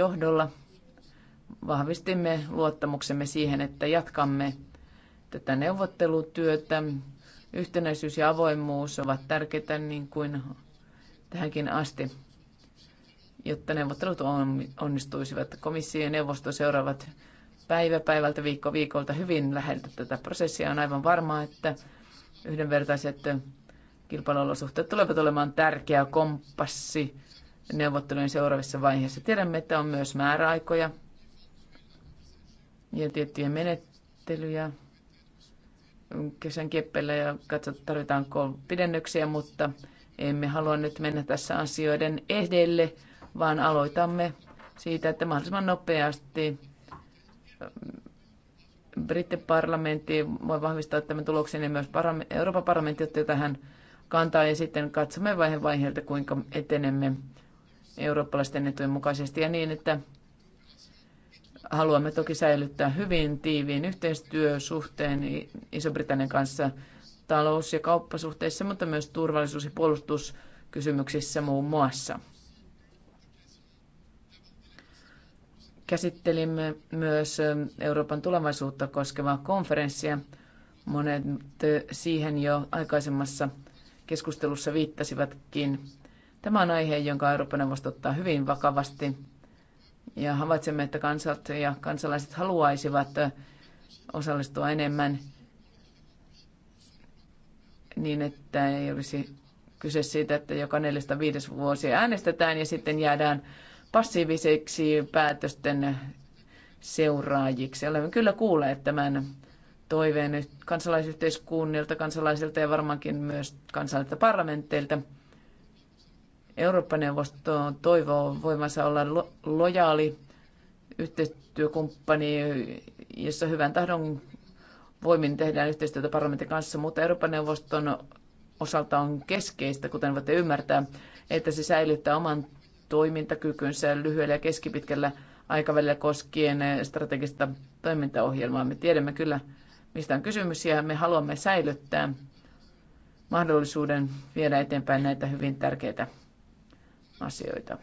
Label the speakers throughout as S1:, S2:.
S1: johdolla vahvistimme luottamuksemme siihen, että jatkamme tätä neuvottelutyötä. Yhtenäisyys ja avoimuus ovat tärkeitä niin kuin tähänkin asti, jotta neuvottelut onnistuisivat. Komissio ja neuvosto seuraavat päivä päivältä, viikko viikolta hyvin läheltä tätä prosessia. On aivan varmaa, että yhdenvertaiset kilpailuolosuhteet tulevat olemaan tärkeä kompassi neuvottelujen seuraavissa vaiheissa. Tiedämme, että on myös määräaikoja ja tiettyjä menettelyjä kesän keppellä ja katsot, tarvitaanko pidennyksiä, mutta emme halua nyt mennä tässä asioiden edelle, vaan aloitamme siitä, että mahdollisimman nopeasti ähm, parlamentti voi vahvistaa tämän tuloksen ja myös Euroopan parlamentti ottaa tähän kantaa ja sitten katsomme vaihe vaiheelta, kuinka etenemme eurooppalaisten etujen mukaisesti ja niin, että haluamme toki säilyttää hyvin tiiviin yhteistyösuhteen Iso-Britannian kanssa talous- ja kauppasuhteissa, mutta myös turvallisuus- ja puolustuskysymyksissä muun muassa. Käsittelimme myös Euroopan tulevaisuutta koskevaa konferenssia. Monet siihen jo aikaisemmassa keskustelussa viittasivatkin. Tämä on aihe, jonka Euroopan neuvosto ottaa hyvin vakavasti. Ja havaitsemme, että kansat ja kansalaiset haluaisivat osallistua enemmän niin, että ei olisi kyse siitä, että joka neljästä viides vuosi äänestetään ja sitten jäädään passiiviseksi päätösten seuraajiksi. Olemme kyllä kuulleet tämän toiveen kansalaisyhteiskunnilta, kansalaisilta ja varmaankin myös kansallisilta parlamenteilta – Eurooppa-neuvosto toivoo voimansa olla lo- lojaali yhteistyökumppani, jossa hyvän tahdon voimin tehdään yhteistyötä parlamentin kanssa, mutta Euroopan neuvoston osalta on keskeistä, kuten voitte ymmärtää, että se säilyttää oman toimintakykynsä lyhyellä ja keskipitkällä aikavälillä koskien strategista toimintaohjelmaa. Me tiedämme kyllä, mistä on kysymys ja me haluamme säilyttää mahdollisuuden viedä eteenpäin näitä hyvin tärkeitä asioita.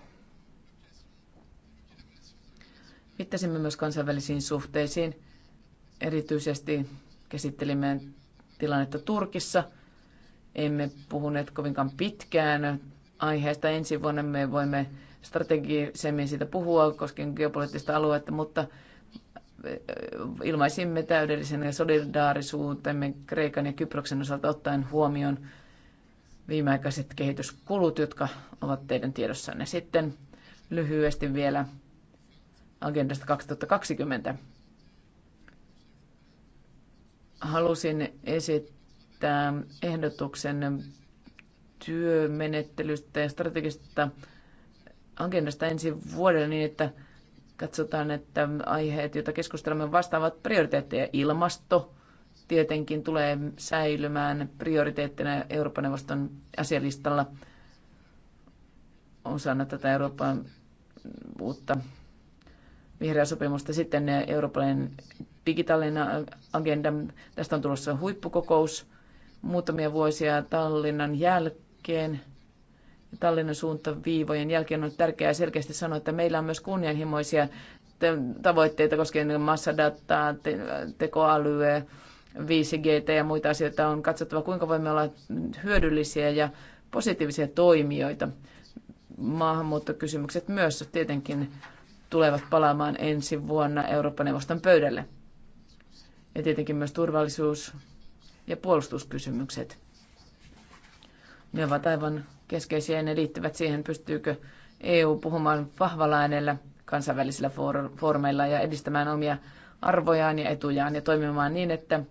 S1: Viittasimme myös kansainvälisiin suhteisiin. Erityisesti käsittelimme tilannetta Turkissa. Emme puhuneet kovinkaan pitkään aiheesta. Ensi vuonna me voimme strategisemmin siitä puhua koskien geopoliittista aluetta, mutta eh, ilmaisimme täydellisen solidaarisuutemme Kreikan ja Kyproksen osalta ottaen huomioon viimeaikaiset kehityskulut, jotka ovat teidän tiedossanne. Sitten lyhyesti vielä agendasta 2020. Halusin esittää ehdotuksen työmenettelystä ja strategisesta agendasta ensi vuodelle niin, että katsotaan, että aiheet, joita keskustelemme, vastaavat prioriteetteja ilmasto, tietenkin tulee säilymään prioriteettina Euroopan neuvoston asialistalla osana tätä Euroopan uutta vihreää sopimusta. Sitten Euroopan digitaalinen agenda, tästä on tulossa huippukokous muutamia vuosia Tallinnan jälkeen. Tallinnan suuntaviivojen jälkeen on tärkeää selkeästi sanoa, että meillä on myös kunnianhimoisia tavoitteita koskien massadataa, tekoälyä, 5G ja muita asioita on katsottava, kuinka voimme olla hyödyllisiä ja positiivisia toimijoita. Maahanmuuttokysymykset myös tietenkin tulevat palaamaan ensi vuonna Eurooppa-neuvoston pöydälle. Ja tietenkin myös turvallisuus- ja puolustuskysymykset. Ne ovat aivan keskeisiä ja ne liittyvät siihen, pystyykö EU puhumaan vahvalla äänellä kansainvälisillä foorumeilla ja edistämään omia arvojaan ja etujaan ja toimimaan niin, että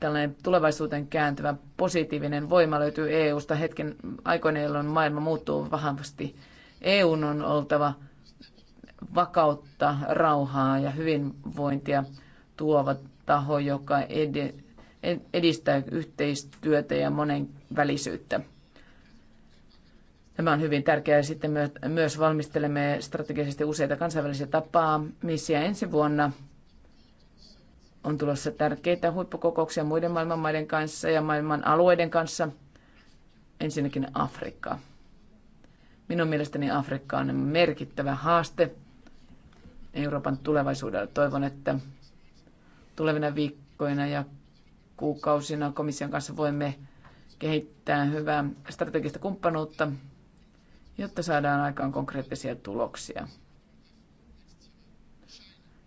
S1: tällainen tulevaisuuteen kääntyvä positiivinen voima löytyy EU-sta hetken aikoina, jolloin maailma muuttuu vahvasti. EUn on oltava vakautta, rauhaa ja hyvinvointia tuova taho, joka edistää yhteistyötä ja monenvälisyyttä. Tämä on hyvin tärkeää. Sitten myös valmistelemme strategisesti useita kansainvälisiä tapaamisia ensi vuonna – on tulossa tärkeitä huippukokouksia muiden maailman maiden kanssa ja maailman alueiden kanssa. Ensinnäkin Afrikka. Minun mielestäni Afrikka on merkittävä haaste Euroopan tulevaisuudelle. Toivon, että tulevina viikkoina ja kuukausina komission kanssa voimme kehittää hyvää strategista kumppanuutta, jotta saadaan aikaan konkreettisia tuloksia.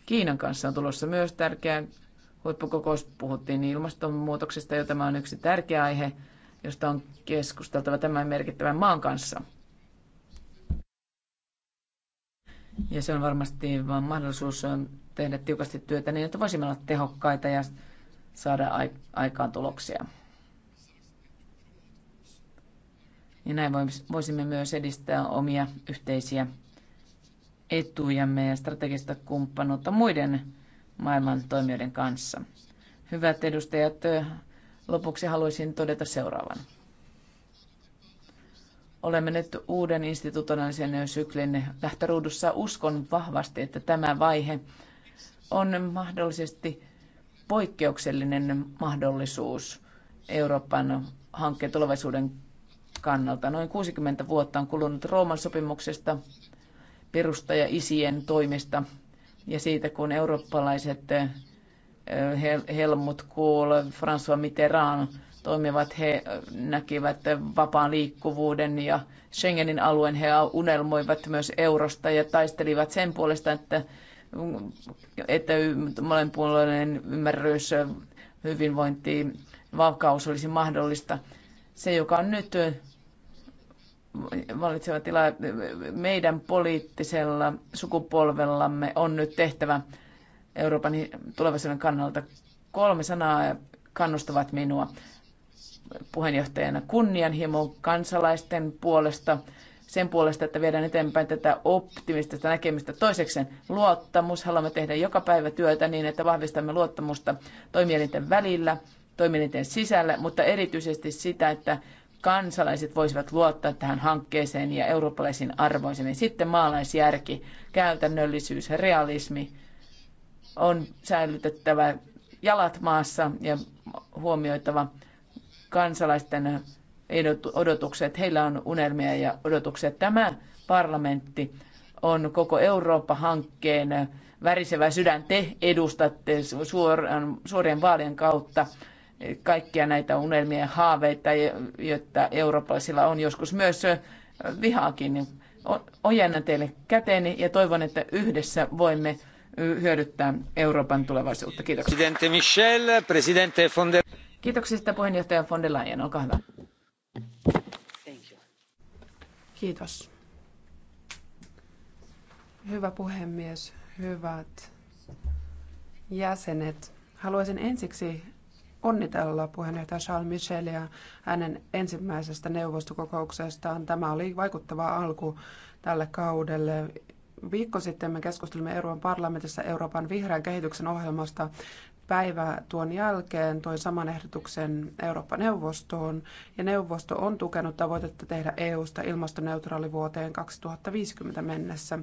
S1: Kiinan kanssa on tulossa myös tärkeä huippukokous puhuttiin ilmastonmuutoksesta, jo tämä on yksi tärkeä aihe, josta on keskusteltava tämän merkittävän maan kanssa. Ja se on varmasti vain mahdollisuus tehdä tiukasti työtä niin, että voisimme olla tehokkaita ja saada aikaan tuloksia. Ja näin voisimme myös edistää omia yhteisiä etujamme ja strategista kumppanuutta muiden maailman toimijoiden kanssa. Hyvät edustajat, lopuksi haluaisin todeta seuraavan. Olemme nyt uuden institutionaalisen syklin lähtöruudussa. Uskon vahvasti, että tämä vaihe on mahdollisesti poikkeuksellinen mahdollisuus Euroopan hankkeen tulevaisuuden kannalta. Noin 60 vuotta on kulunut Rooman sopimuksesta perustaja isien ja siitä, kun eurooppalaiset Helmut Kohl, François Mitterrand toimivat, he näkivät vapaan liikkuvuuden ja Schengenin alueen. He unelmoivat myös eurosta ja taistelivat sen puolesta, että, että molempuolinen ymmärrys, hyvinvointi, vakaus olisi mahdollista. Se, joka on nyt vallitseva tila meidän poliittisella sukupolvellamme on nyt tehtävä Euroopan tulevaisuuden kannalta. Kolme sanaa kannustavat minua puheenjohtajana kunnianhimo kansalaisten puolesta, sen puolesta, että viedään eteenpäin tätä optimistista näkemystä. Toiseksi luottamus. Haluamme tehdä joka päivä työtä niin, että vahvistamme luottamusta toimielinten välillä, toimielinten sisällä, mutta erityisesti sitä, että kansalaiset voisivat luottaa tähän hankkeeseen ja eurooppalaisiin arvoisiin. Sitten maalaisjärki, käytännöllisyys ja realismi on säilytettävä jalat maassa ja huomioitava kansalaisten odotukset. Heillä on unelmia ja odotuksia. Tämä parlamentti on koko Eurooppa-hankkeen värisevä sydän. Te edustatte suorien vaalien kautta kaikkia näitä unelmia ja haaveita, joita eurooppalaisilla on joskus myös vihaakin. Ojennan teille käteeni ja toivon, että yhdessä voimme hyödyttää Euroopan tulevaisuutta. Kiitoksia.
S2: Presidente Michel, presidente von der...
S1: Kiitoksista puheenjohtaja von der Leyen, olkaa hyvä.
S3: Kiitos. Hyvä puhemies, hyvät jäsenet. Haluaisin ensiksi onnitella puheenjohtaja Charles Michelia hänen ensimmäisestä neuvostokokouksestaan. Tämä oli vaikuttava alku tälle kaudelle. Viikko sitten me keskustelimme Euroopan parlamentissa Euroopan vihreän kehityksen ohjelmasta. Päivä tuon jälkeen toi saman ehdotuksen Eurooppa-neuvostoon, ja neuvosto on tukenut tavoitetta tehdä EU-sta ilmastoneutraali vuoteen 2050 mennessä.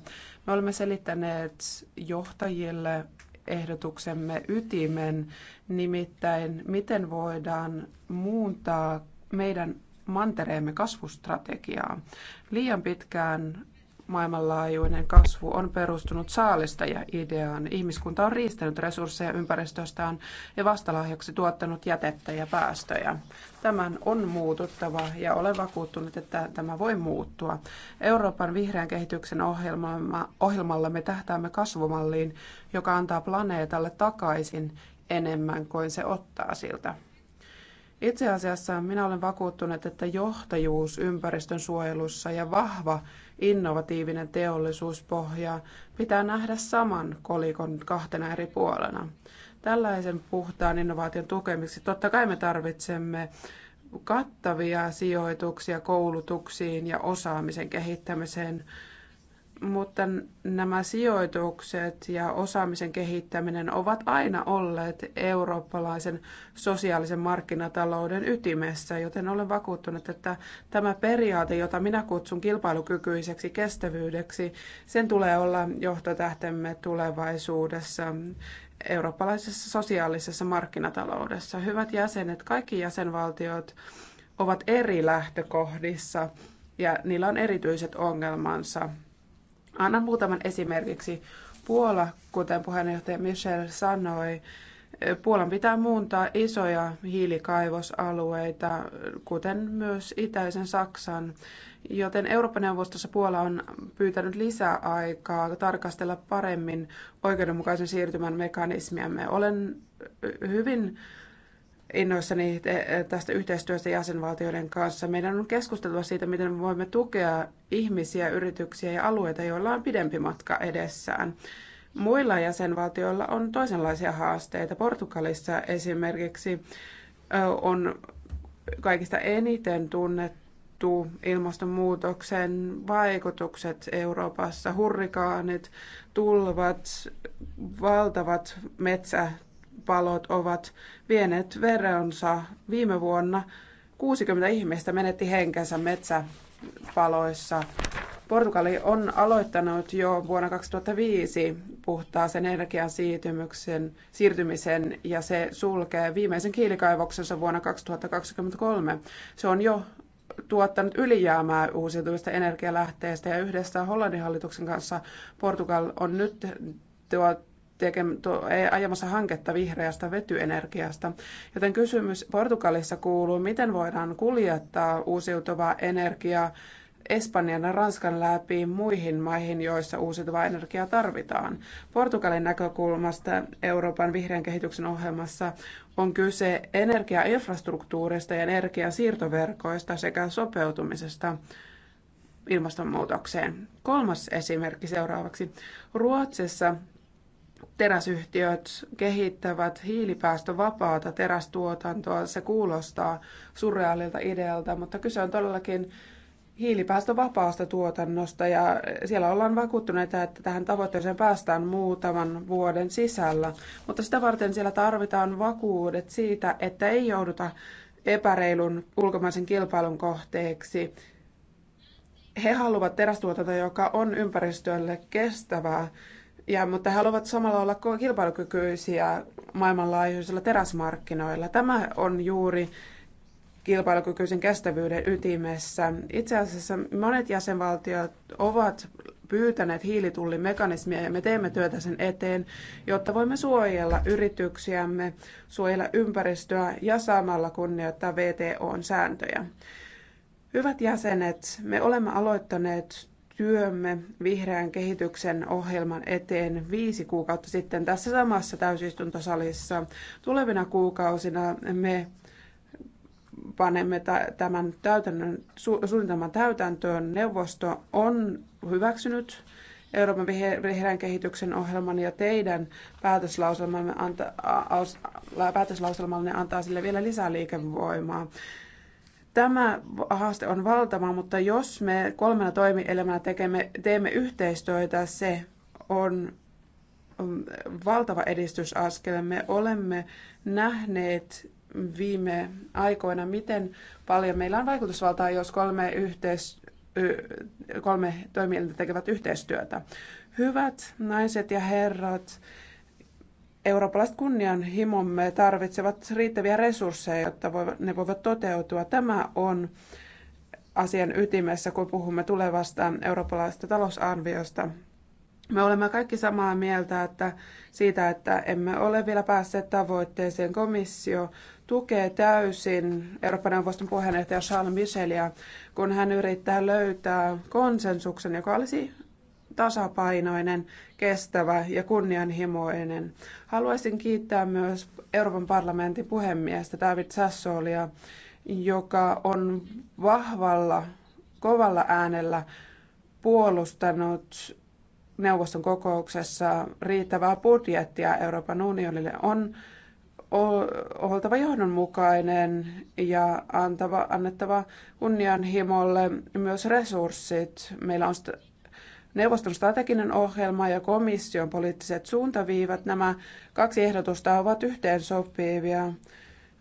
S3: Me olemme selittäneet johtajille ehdotuksemme ytimen, nimittäin miten voidaan muuntaa meidän mantereemme kasvustrategiaa. Liian pitkään maailmanlaajuinen kasvu on perustunut saalistaja-ideaan. Ihmiskunta on riistänyt resursseja ympäristöstään ja vastalahjaksi tuottanut jätettä ja päästöjä. Tämän on muututtava ja olen vakuuttunut, että tämä voi muuttua. Euroopan vihreän kehityksen ohjelmalla me tähtäämme kasvumalliin, joka antaa planeetalle takaisin enemmän kuin se ottaa siltä. Itse asiassa minä olen vakuuttunut, että johtajuus ympäristön suojelussa ja vahva innovatiivinen teollisuuspohja pitää nähdä saman kolikon kahtena eri puolena. Tällaisen puhtaan innovaation tukemiseksi totta kai me tarvitsemme kattavia sijoituksia koulutuksiin ja osaamisen kehittämiseen mutta nämä sijoitukset ja osaamisen kehittäminen ovat aina olleet eurooppalaisen sosiaalisen markkinatalouden ytimessä, joten olen vakuuttunut, että tämä periaate, jota minä kutsun kilpailukykyiseksi kestävyydeksi, sen tulee olla johtotähtemme tulevaisuudessa eurooppalaisessa sosiaalisessa markkinataloudessa. Hyvät jäsenet, kaikki jäsenvaltiot ovat eri lähtökohdissa ja niillä on erityiset ongelmansa Annan muutaman esimerkiksi. Puola, kuten puheenjohtaja Michel sanoi, Puolan pitää muuntaa isoja hiilikaivosalueita, kuten myös itäisen Saksan, joten Eurooppa-neuvostossa Puola on pyytänyt lisää aikaa tarkastella paremmin oikeudenmukaisen siirtymän mekanismiamme. Olen hyvin innoissani tästä yhteistyöstä jäsenvaltioiden kanssa. Meidän on keskusteltava siitä, miten me voimme tukea ihmisiä, yrityksiä ja alueita, joilla on pidempi matka edessään. Muilla jäsenvaltioilla on toisenlaisia haasteita. Portugalissa esimerkiksi on kaikista eniten tunnettu ilmastonmuutoksen vaikutukset Euroopassa. Hurrikaanit, tulvat, valtavat metsä tulipalot ovat vieneet veronsa. Viime vuonna 60 ihmistä menetti henkensä metsäpaloissa. Portugali on aloittanut jo vuonna 2005 puhtaaseen energian siirtymisen ja se sulkee viimeisen kiilikaivoksensa vuonna 2023. Se on jo tuottanut ylijäämää uusiutuvista energialähteistä ja yhdessä Hollannin hallituksen kanssa Portugal on nyt tuo, tekem, to, e, ajamassa hanketta vihreästä vetyenergiasta. Joten kysymys Portugalissa kuuluu, miten voidaan kuljettaa uusiutuvaa energiaa Espanjan ja Ranskan läpi muihin maihin, joissa uusiutuvaa energiaa tarvitaan. Portugalin näkökulmasta Euroopan vihreän kehityksen ohjelmassa on kyse energiainfrastruktuurista ja energiasiirtoverkoista sekä sopeutumisesta ilmastonmuutokseen. Kolmas esimerkki seuraavaksi. Ruotsissa teräsyhtiöt kehittävät hiilipäästövapaata terästuotantoa. Se kuulostaa surrealilta idealta, mutta kyse on todellakin hiilipäästövapaasta tuotannosta ja siellä ollaan vakuuttuneita, että tähän tavoitteeseen päästään muutaman vuoden sisällä. Mutta sitä varten siellä tarvitaan vakuudet siitä, että ei jouduta epäreilun ulkomaisen kilpailun kohteeksi. He haluavat terästuotantoa, joka on ympäristölle kestävää ja, mutta he haluavat samalla olla kilpailukykyisiä maailmanlaajuisilla teräsmarkkinoilla. Tämä on juuri kilpailukykyisen kestävyyden ytimessä. Itse asiassa monet jäsenvaltiot ovat pyytäneet hiilitullimekanismia ja me teemme työtä sen eteen, jotta voimme suojella yrityksiämme, suojella ympäristöä ja samalla kunnioittaa VTOn sääntöjä. Hyvät jäsenet, me olemme aloittaneet työmme vihreän kehityksen ohjelman eteen viisi kuukautta sitten tässä samassa täysistuntosalissa. Tulevina kuukausina me panemme tämän täytännön, suunnitelman täytäntöön. Neuvosto on hyväksynyt Euroopan vihreän kehityksen ohjelman ja teidän päätöslauselmanne antaa, päätöslauselmanne antaa sille vielä lisää liikevoimaa. Tämä haaste on valtava, mutta jos me kolmena toimielämänä tekemme, teemme yhteistyötä, se on mm, valtava edistysaskel. Me olemme nähneet viime aikoina, miten paljon meillä on vaikutusvaltaa, jos kolme, yhteis, kolme toimielintä tekevät yhteistyötä. Hyvät naiset ja herrat, Eurooppalaiset kunnianhimomme tarvitsevat riittäviä resursseja, jotta ne voivat toteutua. Tämä on asian ytimessä, kun puhumme tulevasta eurooppalaisesta talousarviosta. Me olemme kaikki samaa mieltä että siitä, että emme ole vielä päässeet tavoitteeseen. Komissio tukee täysin Euroopan neuvoston puheenjohtaja Charles Michelia, kun hän yrittää löytää konsensuksen, joka olisi tasapainoinen, kestävä ja kunnianhimoinen. Haluaisin kiittää myös Euroopan parlamentin puhemiestä David Sassolia, joka on vahvalla, kovalla äänellä puolustanut neuvoston kokouksessa riittävää budjettia Euroopan unionille. On oltava johdonmukainen ja antava, annettava kunnianhimolle myös resurssit. Meillä on neuvoston strateginen ohjelma ja komission poliittiset suuntaviivat, nämä kaksi ehdotusta ovat yhteensopivia.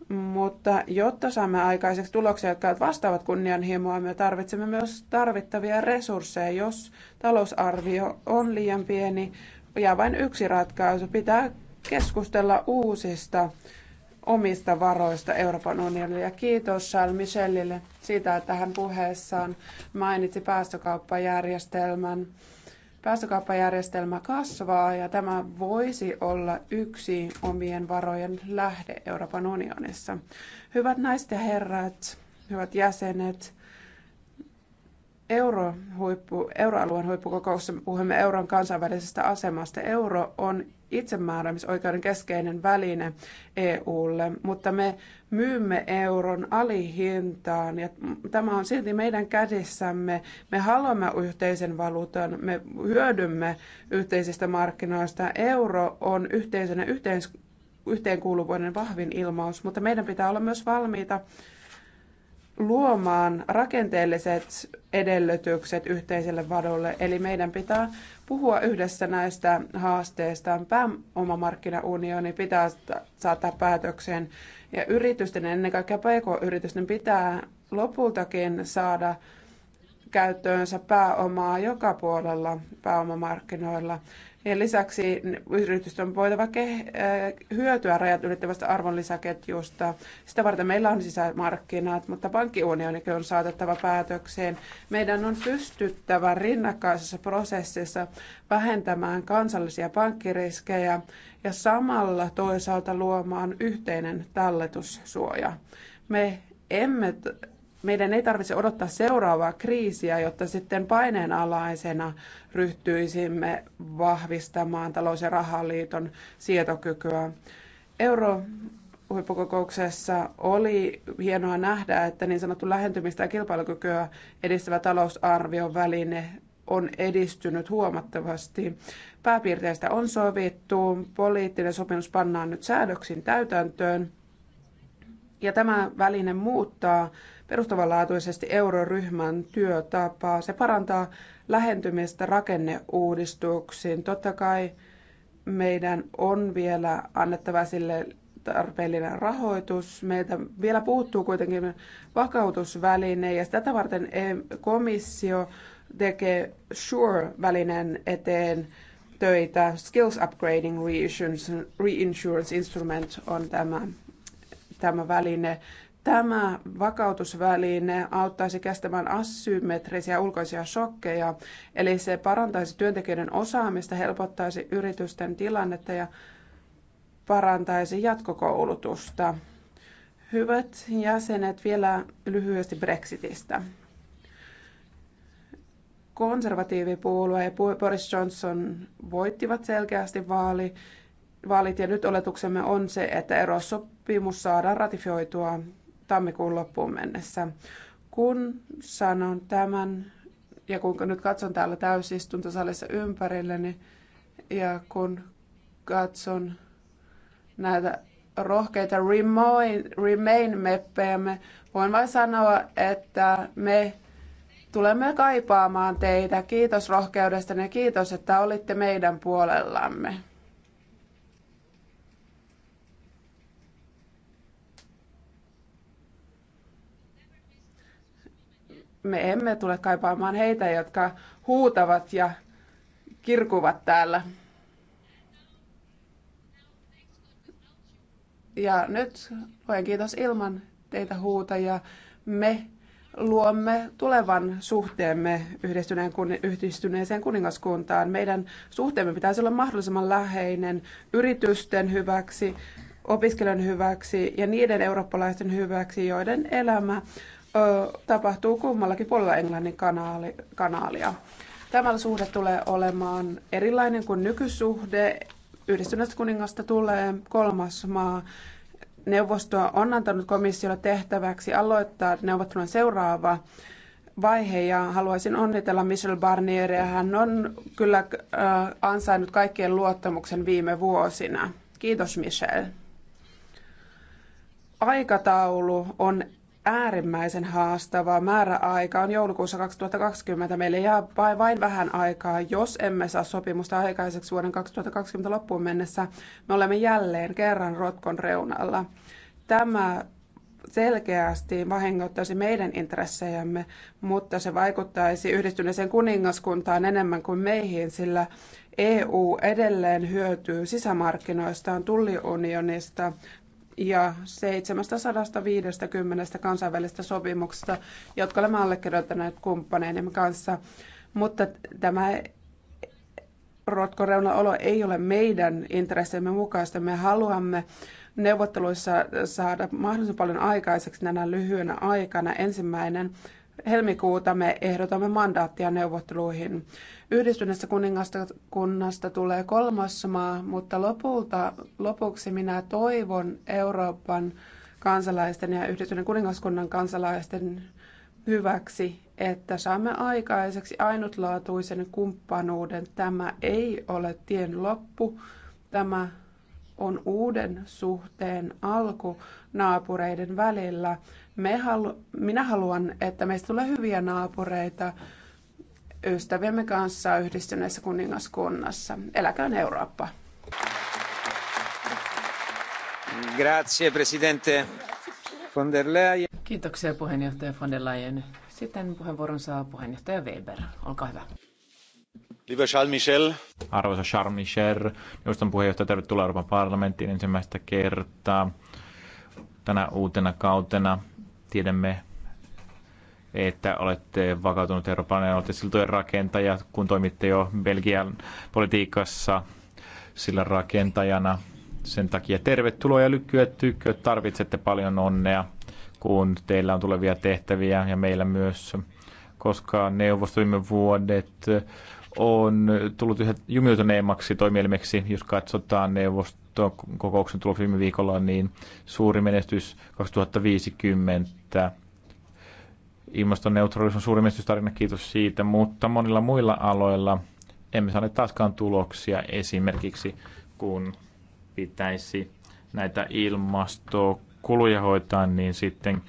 S3: Mutta jotta saamme aikaiseksi tuloksia, jotka vastaavat kunnianhimoa, me tarvitsemme myös tarvittavia resursseja. Jos talousarvio on liian pieni, jää vain yksi ratkaisu. Pitää keskustella uusista omista varoista Euroopan unionille. Ja kiitos Charles Michelille siitä, että hän puheessaan mainitsi päästökauppajärjestelmän. Päästökauppajärjestelmä kasvaa ja tämä voisi olla yksi omien varojen lähde Euroopan unionissa. Hyvät naiset ja herrat, hyvät jäsenet, Euro huippu, euroalueen huippukokouksessa puhumme euron kansainvälisestä asemasta. Euro on itsemääräämisoikeuden keskeinen väline EUlle, mutta me myymme euron alihintaan ja tämä on silti meidän kädessämme. Me haluamme yhteisen valuutan, me hyödymme yhteisistä markkinoista. Euro on yhteisönä yhteens, yhteenkuuluvuuden vahvin ilmaus, mutta meidän pitää olla myös valmiita luomaan rakenteelliset edellytykset yhteiselle vadolle. Eli meidän pitää puhua yhdessä näistä haasteista. Pääomamarkkinaunioni pitää saada päätökseen ja yritysten, ennen kaikkea pk-yritysten, pitää lopultakin saada käyttöönsä pääomaa joka puolella pääomamarkkinoilla. Ja lisäksi yritysten voitava äh, hyötyä rajat ylittävästä arvonlisäketjusta. Sitä varten meillä on sisämarkkinat, mutta pankkiunionikin on saatettava päätökseen. Meidän on pystyttävä rinnakkaisessa prosessissa vähentämään kansallisia pankkiriskejä ja samalla toisaalta luomaan yhteinen talletussuoja. Me emme meidän ei tarvitse odottaa seuraavaa kriisiä, jotta sitten paineen alaisena ryhtyisimme vahvistamaan talous- ja rahaliiton sietokykyä. Euro huippukokouksessa oli hienoa nähdä, että niin sanottu lähentymistä ja kilpailukykyä edistävä talousarvion väline on edistynyt huomattavasti. Pääpiirteistä on sovittu, poliittinen sopimus pannaan nyt säädöksin täytäntöön ja tämä väline muuttaa perustavanlaatuisesti euroryhmän työtapaa. Se parantaa lähentymistä rakenneuudistuksiin. Totta kai meidän on vielä annettava sille tarpeellinen rahoitus. Meiltä vielä puuttuu kuitenkin vakautusväline ja tätä varten komissio tekee sure välineen eteen töitä. Skills Upgrading Reinsurance Instrument on tämä tämä väline. Tämä vakautusväline auttaisi kestämään asymmetrisiä ulkoisia shokkeja, eli se parantaisi työntekijöiden osaamista, helpottaisi yritysten tilannetta ja parantaisi jatkokoulutusta. Hyvät jäsenet, vielä lyhyesti Brexitistä. Konservatiivipuolue ja Boris Johnson voittivat selkeästi vaali vaalit ja nyt oletuksemme on se, että erosopimus saadaan ratifioitua tammikuun loppuun mennessä. Kun sanon tämän ja kun nyt katson täällä täysistuntosalissa ympärilleni niin- ja kun katson näitä rohkeita Remain-meppejämme, voin vain sanoa, että me tulemme kaipaamaan teitä. Kiitos rohkeudestanne ja kiitos, että olitte meidän puolellamme. me emme tule kaipaamaan heitä, jotka huutavat ja kirkuvat täällä. Ja nyt luen kiitos ilman teitä huutajia. Me luomme tulevan suhteemme yhdistyneen yhdistyneeseen kuningaskuntaan. Meidän suhteemme pitäisi olla mahdollisimman läheinen yritysten hyväksi, opiskelijan hyväksi ja niiden eurooppalaisten hyväksi, joiden elämä tapahtuu kummallakin puolella Englannin kanaali, kanaalia. Tämä suhde tulee olemaan erilainen kuin nykysuhde. Yhdistyneestä kuningasta tulee kolmas maa. Neuvosto on antanut komissiolle tehtäväksi aloittaa neuvottelun seuraava vaihe ja haluaisin onnitella Michel Barnieria. Hän on kyllä ansainnut kaikkien luottamuksen viime vuosina. Kiitos Michel. Aikataulu on äärimmäisen haastava määräaika on joulukuussa 2020. Meille jää vain vähän aikaa, jos emme saa sopimusta aikaiseksi vuoden 2020 loppuun mennessä. Me olemme jälleen kerran rotkon reunalla. Tämä selkeästi vahingoittaisi meidän intressejämme, mutta se vaikuttaisi yhdistyneeseen kuningaskuntaan enemmän kuin meihin, sillä EU edelleen hyötyy sisämarkkinoistaan, tulliunionista, ja 750 kansainvälistä sopimuksesta, jotka olemme allekirjoittaneet kumppaneidemme kanssa. Mutta tämä rotkoreunaolo ei ole meidän intressemme mukaista. Me haluamme neuvotteluissa saada mahdollisimman paljon aikaiseksi näinä lyhyenä aikana. Ensimmäinen helmikuuta me ehdotamme mandaattia neuvotteluihin. Yhdistyneestä kuningaskunnasta tulee kolmas maa, mutta lopulta, lopuksi minä toivon Euroopan kansalaisten ja Yhdistyneen kuningaskunnan kansalaisten hyväksi, että saamme aikaiseksi ainutlaatuisen kumppanuuden. Tämä ei ole tien loppu, tämä on uuden suhteen alku naapureiden välillä. Me halu- Minä haluan, että meistä tulee hyviä naapureita, ystäviemme kanssa yhdistyneessä kuningaskunnassa. Eläköön Eurooppa!
S2: Grazie, presidente
S1: von der Leyen. Kiitoksia puheenjohtaja von der Leyen. Sitten puheenvuoron saa puheenjohtaja Weber. Olkaa hyvä.
S2: Lieber Charles Michel.
S4: Arvoisa Charles Michel, neuvoston puheenjohtaja, tervetuloa Euroopan parlamenttiin ensimmäistä kertaa tänä uutena kautena. Tiedämme, että olette vakautunut Euroopan ja olette siltojen rakentaja, kun toimitte jo Belgian politiikassa sillä rakentajana. Sen takia tervetuloa ja lykkyä tykkyä. Tarvitsette paljon onnea, kun teillä on tulevia tehtäviä ja meillä myös, koska neuvosto viime vuodet on tullut yhä jumiutuneemmaksi toimielimeksi, jos katsotaan neuvosto kokouksen tulos viime viikolla, niin suuri menestys 2050 ilmastoneutraalisuus on suuri menestystarina, kiitos siitä, mutta monilla muilla aloilla emme saaneet taaskaan tuloksia esimerkiksi, kun pitäisi näitä ilmastokuluja hoitaa, niin sitten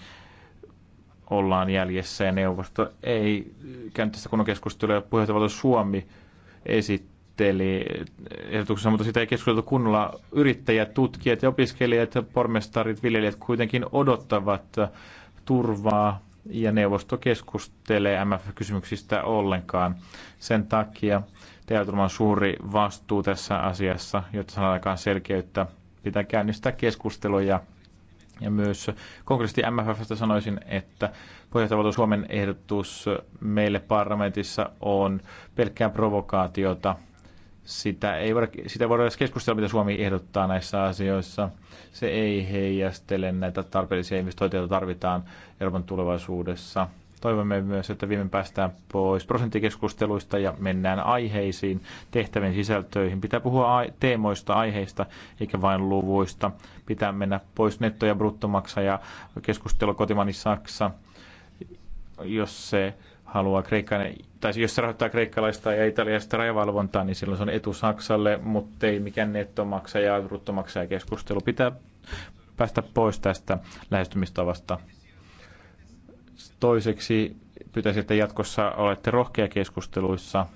S4: ollaan jäljessä ja neuvosto ei käynyt tästä kunnon keskustelua. Puheenjohtajavaltio Suomi esitteli ehdotuksessa, mutta sitä ei keskusteltu kunnolla. Yrittäjät, tutkijat ja opiskelijat, pormestarit, viljelijät kuitenkin odottavat turvaa ja neuvosto keskustelee MF-kysymyksistä ollenkaan. Sen takia teillä on suuri vastuu tässä asiassa, jotta saadaan aikaan selkeyttä. Pitää käynnistää keskusteluja ja myös konkreettisesti MFFstä sanoisin, että puheenjohtajavaltio Suomen ehdotus meille parlamentissa on pelkkää provokaatiota sitä ei voida, sitä voida edes keskustella, mitä Suomi ehdottaa näissä asioissa. Se ei heijastele näitä tarpeellisia investointeja, joita tarvitaan Euroopan tulevaisuudessa. Toivomme myös, että viime päästään pois prosenttikeskusteluista ja mennään aiheisiin, tehtävien sisältöihin. Pitää puhua teemoista, aiheista, eikä vain luvuista. Pitää mennä pois netto- ja ja keskustelu kotimani Saksa, jos se haluaa Kreikkaan, tai siis jos se rahoittaa kreikkalaista ja italialaista rajavalvontaa, niin silloin se on etu Saksalle, mutta ei mikään nettomaksaja, bruttomaksaja keskustelu. Pitää päästä pois tästä lähestymistavasta. Toiseksi pyytäisin, että jatkossa olette rohkea keskusteluissa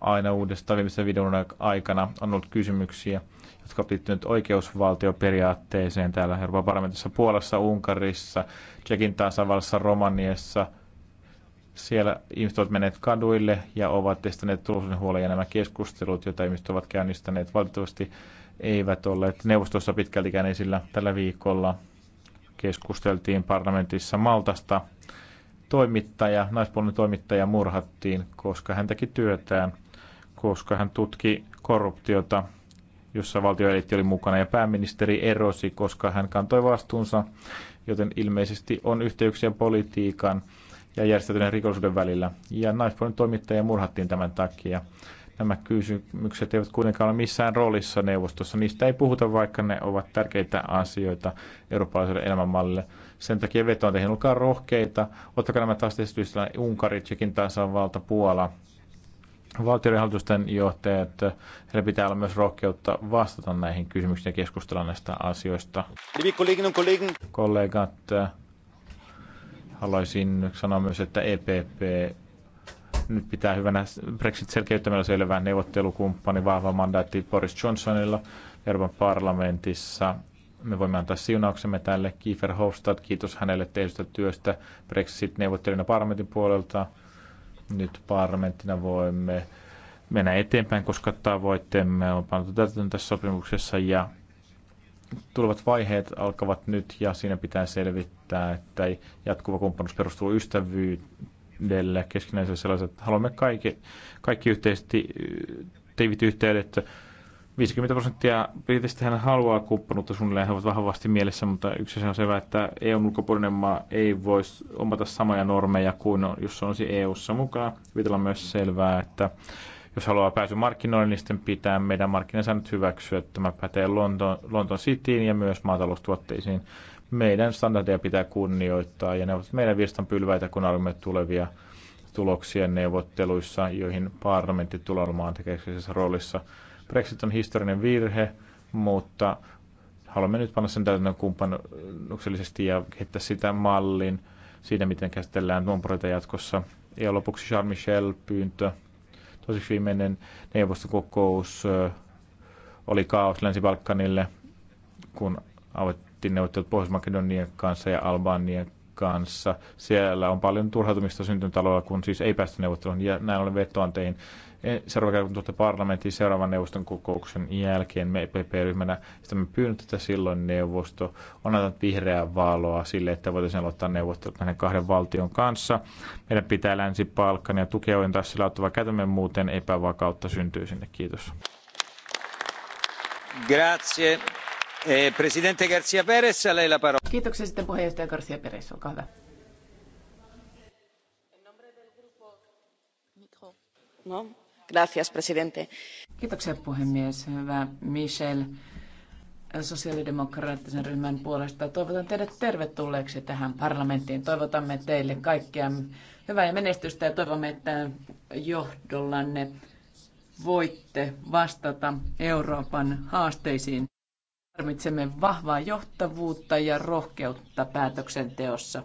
S4: aina uudesta viimeisen videon aikana on ollut kysymyksiä, jotka ovat liittyneet oikeusvaltioperiaatteeseen täällä Euroopan parlamentissa Puolassa, Unkarissa, Tsekin tasavallassa, Romaniassa – siellä ihmiset ovat menneet kaduille ja ovat testanneet turvallisuuden huolen ja nämä keskustelut, joita ihmiset ovat käynnistäneet, valitettavasti eivät olleet neuvostossa pitkältikään esillä tällä viikolla. Keskusteltiin parlamentissa Maltasta. Toimittaja, naispuolinen toimittaja murhattiin, koska hän teki työtään, koska hän tutki korruptiota, jossa valtioeliitti oli mukana ja pääministeri erosi, koska hän kantoi vastuunsa, joten ilmeisesti on yhteyksiä politiikan ja järjestetyn rikollisuuden välillä. Ja naispuolen toimittajia murhattiin tämän takia. Nämä kysymykset eivät kuitenkaan ole missään roolissa neuvostossa. Niistä ei puhuta, vaikka ne ovat tärkeitä asioita eurooppalaiselle elämänmallille. Sen takia vetoan teihin, olkaa rohkeita. Ottakaa nämä taas esitystä Unkari, Tsekin tasavalta, Puola. Valtioiden hallitusten johtajat, heillä pitää olla myös rohkeutta vastata näihin kysymyksiin ja keskustella näistä asioista. Kollegat, Haluaisin sanoa myös, että EPP nyt pitää hyvänä Brexit selkeyttämällä selvää neuvottelukumppani, vahva mandaatti Boris Johnsonilla Euroopan parlamentissa. Me voimme antaa siunauksemme tälle. Kiefer Hofstad, kiitos hänelle tehdystä työstä Brexit-neuvottelijana parlamentin puolelta. Nyt parlamenttina voimme mennä eteenpäin, koska tavoitteemme on pantu täytäntöön tässä sopimuksessa ja tulevat vaiheet alkavat nyt ja siinä pitää selvittää, että jatkuva kumppanuus perustuu ystävyydelle keskinäiselle sellaiset. Haluamme kaikki, kaikki yhteisesti tiivit yhteydet. 50 prosenttia Britistä hän haluaa kumppanuutta suunnilleen, he ovat vahvasti mielessä, mutta yksi se on selvä, että eu ulkopuolinen maa ei voisi omata samoja normeja kuin jos se olisi EUssa mukana. Vitellä myös selvää, että jos haluaa pääsy markkinoille, niin sitten pitää meidän markkinansa nyt hyväksyä. Tämä pätee Lontoon, London Cityin ja myös maataloustuotteisiin. Meidän standardeja pitää kunnioittaa ja ne ovat meidän pylväitä, kun olemme tulevia tuloksia neuvotteluissa, joihin parlamentti tulee olemaan tekemisissä roolissa. Brexit on historiallinen virhe, mutta haluamme nyt panna sen täytäntöön kumppanuksellisesti ja kehittää sitä mallin siitä, miten käsitellään tuon jatkossa. Ja lopuksi Charles Michel pyyntö Toiseksi viimeinen neuvostokokous oli kaos Länsi-Balkanille, kun avattiin neuvottelut Pohjois-Makedonian kanssa ja Albanian kanssa. Siellä on paljon turhautumista syntynyt alueella, kun siis ei päästä neuvotteluun. Ja näin ollen vetoan teihin, Eh, seuraava kerta parlamentin seuraavan neuvoston kokouksen jälkeen me EPP-ryhmänä sitä me pyynnöt, tätä silloin neuvosto on antanut vihreää valoa sille, että voitaisiin aloittaa neuvottelut näiden kahden valtion kanssa. Meidän pitää länsi palkkan ja tukea ojentaa sillä ottava käytämme muuten epävakautta syntyy sinne.
S2: Kiitos. Grazie. Eh, Presidente Garcia Perez, a paro. la parola.
S1: Kiitoksia sitten puheenjohtaja Garcia Perez, olkaa hyvä. No? Gracias, presidente. Kiitoksia puhemies. Hyvä Michel sosiaalidemokraattisen ryhmän puolesta. Toivotan teidät tervetulleeksi tähän parlamenttiin. Toivotamme teille kaikkea hyvää ja menestystä ja toivomme, että johdollanne voitte vastata Euroopan haasteisiin. Tarvitsemme vahvaa johtavuutta ja rohkeutta päätöksenteossa.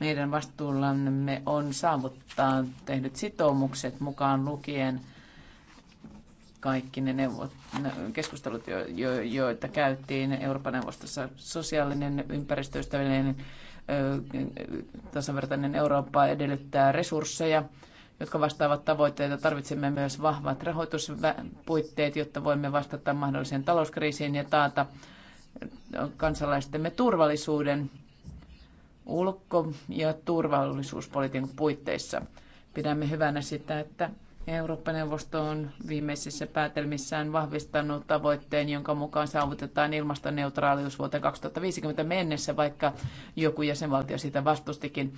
S1: Meidän vastuullamme on saavuttaa tehdyt sitoumukset mukaan lukien – kaikki ne neuvot, keskustelut, jo, joita käytiin Euroopan neuvostossa, sosiaalinen, ympäristöystävällinen, tasavertainen Eurooppa edellyttää resursseja, jotka vastaavat tavoitteita. Tarvitsemme myös vahvat rahoituspuitteet, jotta voimme vastata mahdolliseen talouskriisiin ja taata kansalaistemme turvallisuuden ulko- ja turvallisuuspolitiikan puitteissa. Pidämme hyvänä sitä, että Eurooppa-neuvosto on viimeisissä päätelmissään vahvistanut tavoitteen, jonka mukaan saavutetaan ilmastoneutraalius vuoteen 2050 mennessä, vaikka joku jäsenvaltio sitä vastustikin.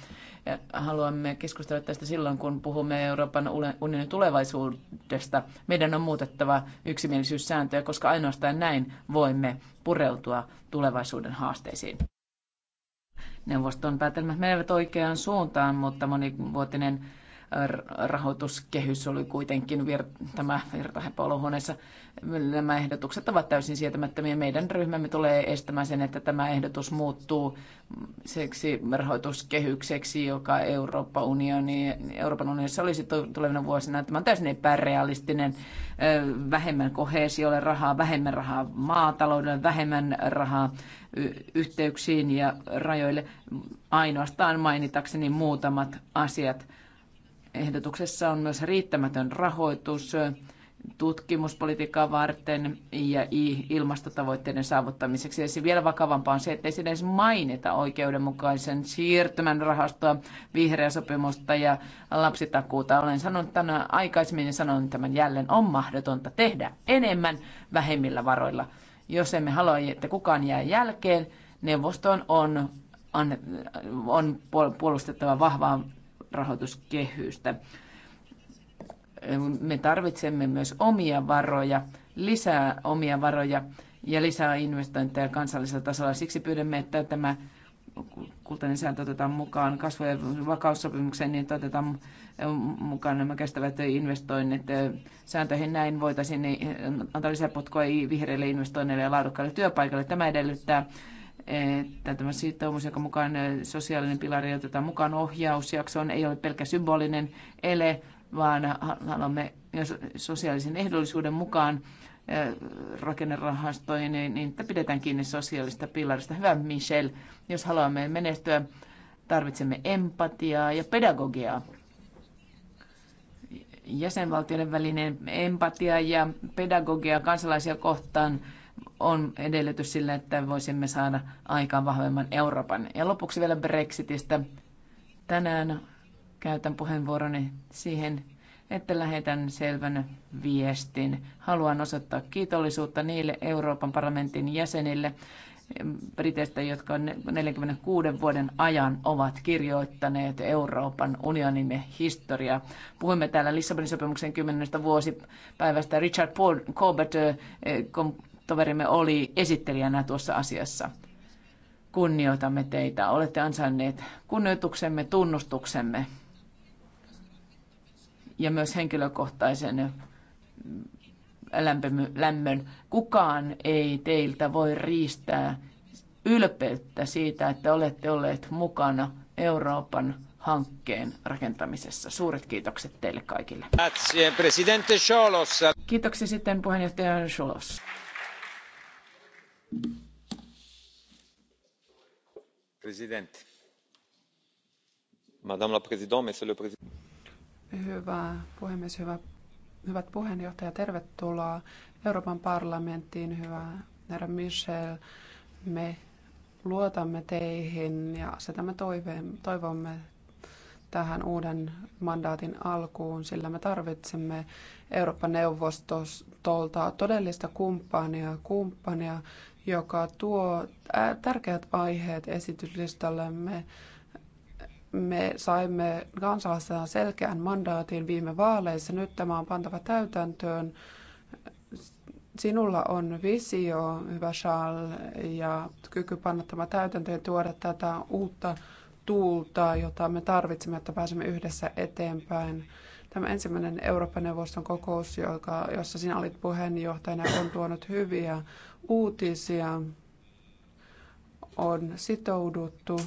S1: Haluamme keskustella tästä silloin, kun puhumme Euroopan unionin tulevaisuudesta. Meidän on muutettava yksimielisyyssääntöjä, koska ainoastaan näin voimme pureutua tulevaisuuden haasteisiin. Neuvoston päätelmät menevät oikeaan suuntaan, mutta monivuotinen rahoituskehys oli kuitenkin vir- tämä virtahepaolohuoneessa. Nämä ehdotukset ovat täysin sietämättömiä. Meidän ryhmämme tulee estämään sen, että tämä ehdotus muuttuu seksi rahoituskehykseksi, joka Euroopan unioni, Euroopan unionissa olisi tulevina vuosina. Tämä on täysin epärealistinen, vähemmän kohesiolle rahaa, vähemmän rahaa maataloudelle, vähemmän rahaa yhteyksiin ja rajoille. Ainoastaan mainitakseni muutamat asiat Ehdotuksessa on myös riittämätön rahoitus tutkimuspolitiikkaa varten ja ilmastotavoitteiden saavuttamiseksi. Ja vielä vakavampaa on se, että ei siinä edes mainita oikeudenmukaisen siirtymän rahastoa, vihreä sopimusta ja lapsitakuuta. Olen sanonut tänä aikaisemmin ja sanon tämän jälleen, on mahdotonta tehdä enemmän vähemmillä varoilla. Jos emme halua, että kukaan jää jälkeen, neuvoston on, on, on puolustettava vahvaa rahoituskehystä. Me tarvitsemme myös omia varoja, lisää omia varoja ja lisää investointeja kansallisella tasolla. Siksi pyydämme, että tämä kultainen sääntö otetaan mukaan kasvu- ja vakaussopimukseen, niin otetaan mukaan nämä kestävät investoinnit sääntöihin. Näin voitaisiin antaa lisäpotkua vihreille investoinneille ja laadukkaille työpaikoille. Tämä edellyttää että tämä sitoumus, joka mukaan sosiaalinen pilari otetaan mukaan ohjausjaksoon, ei ole pelkkä symbolinen ele, vaan haluamme sosiaalisen ehdollisuuden mukaan rakennerahastoihin, niin, niin että pidetään kiinni sosiaalista pilarista. Hyvä Michel, jos haluamme menestyä, tarvitsemme empatiaa ja pedagogiaa. Jäsenvaltioiden välinen empatia ja pedagogia kansalaisia kohtaan – on edellytys sille, että voisimme saada aikaan vahvemman Euroopan. Ja lopuksi vielä Brexitistä. Tänään käytän puheenvuoroni siihen, että lähetän selvän viestin. Haluan osoittaa kiitollisuutta niille Euroopan parlamentin jäsenille, Briteistä, jotka 46 vuoden ajan ovat kirjoittaneet Euroopan unionimme historiaa. Puhumme täällä Lissabonin sopimuksen 10. vuosipäivästä. Richard Paul Corbett eh, toverimme oli esittelijänä tuossa asiassa. Kunnioitamme teitä. Olette ansainneet kunnioituksemme, tunnustuksemme ja myös henkilökohtaisen lämmön. Kukaan ei teiltä voi riistää ylpeyttä siitä, että olette olleet mukana Euroopan hankkeen rakentamisessa. Suuret kiitokset teille kaikille. Kiitoksia sitten puheenjohtaja Scholos.
S3: Hyvä puhemies, hyvät puheenjohtajat, tervetuloa Euroopan parlamenttiin, hyvä herra Michel. Me luotamme teihin ja asetamme toiveen, toivomme tähän uuden mandaatin alkuun, sillä me tarvitsemme Euroopan neuvostolta todellista kumppania, kumppania, joka tuo tärkeät aiheet esityslistallemme. Me saimme kansalaisena selkeän mandaatin viime vaaleissa. Nyt tämä on pantava täytäntöön. Sinulla on visio, hyvä Charles, ja kyky panna tämä täytäntöön tuoda tätä uutta tuulta, jota me tarvitsemme, että pääsemme yhdessä eteenpäin. Tämä ensimmäinen Euroopan neuvoston kokous, joka, jossa sinä olit puheenjohtajana, on tuonut hyviä uutisia. On sitouduttu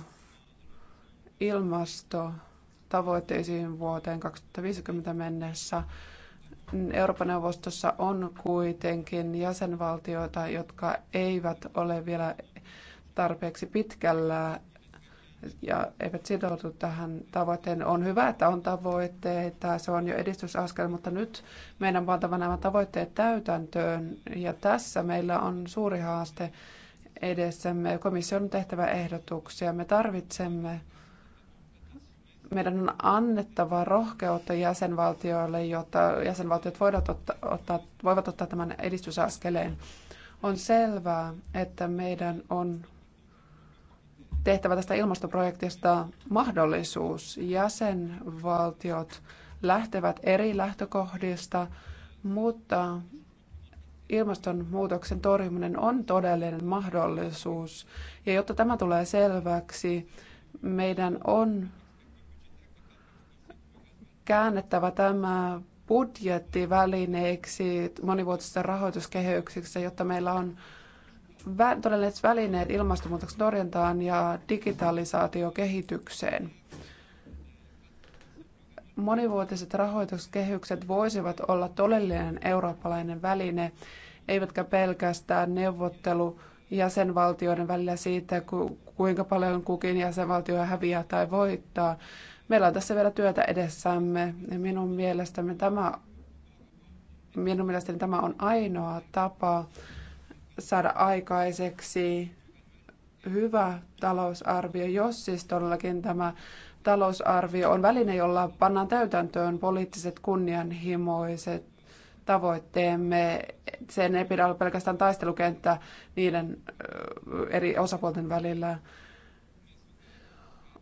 S3: ilmastotavoitteisiin vuoteen 2050 mennessä. Euroopan neuvostossa on kuitenkin jäsenvaltioita, jotka eivät ole vielä tarpeeksi pitkällä ja eivät sitoutu tähän tavoitteen. On hyvä, että on tavoitteita, se on jo edistysaskel, mutta nyt meidän on nämä tavoitteet täytäntöön ja tässä meillä on suuri haaste edessämme. Komission on tehtävä ehdotuksia. Me tarvitsemme, meidän on annettava rohkeutta jäsenvaltioille, jotta jäsenvaltiot voivat ottaa, ottaa, voivat ottaa tämän edistysaskeleen. On selvää, että meidän on tehtävä tästä ilmastoprojektista mahdollisuus. Jäsenvaltiot lähtevät eri lähtökohdista, mutta ilmastonmuutoksen torjuminen on todellinen mahdollisuus. Ja jotta tämä tulee selväksi, meidän on käännettävä tämä budjettivälineiksi monivuotisissa rahoituskehyksissä, jotta meillä on todelliset välineet ilmastonmuutoksen torjuntaan ja digitalisaatiokehitykseen. Monivuotiset rahoituskehykset voisivat olla todellinen eurooppalainen väline, eivätkä pelkästään neuvottelu jäsenvaltioiden välillä siitä, kuinka paljon kukin jäsenvaltio häviää tai voittaa. Meillä on tässä vielä työtä edessämme ja minun mielestäni tämä, minun mielestäni tämä on ainoa tapa saada aikaiseksi hyvä talousarvio, jos siis todellakin tämä talousarvio on väline, jolla pannaan täytäntöön poliittiset kunnianhimoiset tavoitteemme. Sen ei pidä olla pelkästään taistelukenttä niiden eri osapuolten välillä.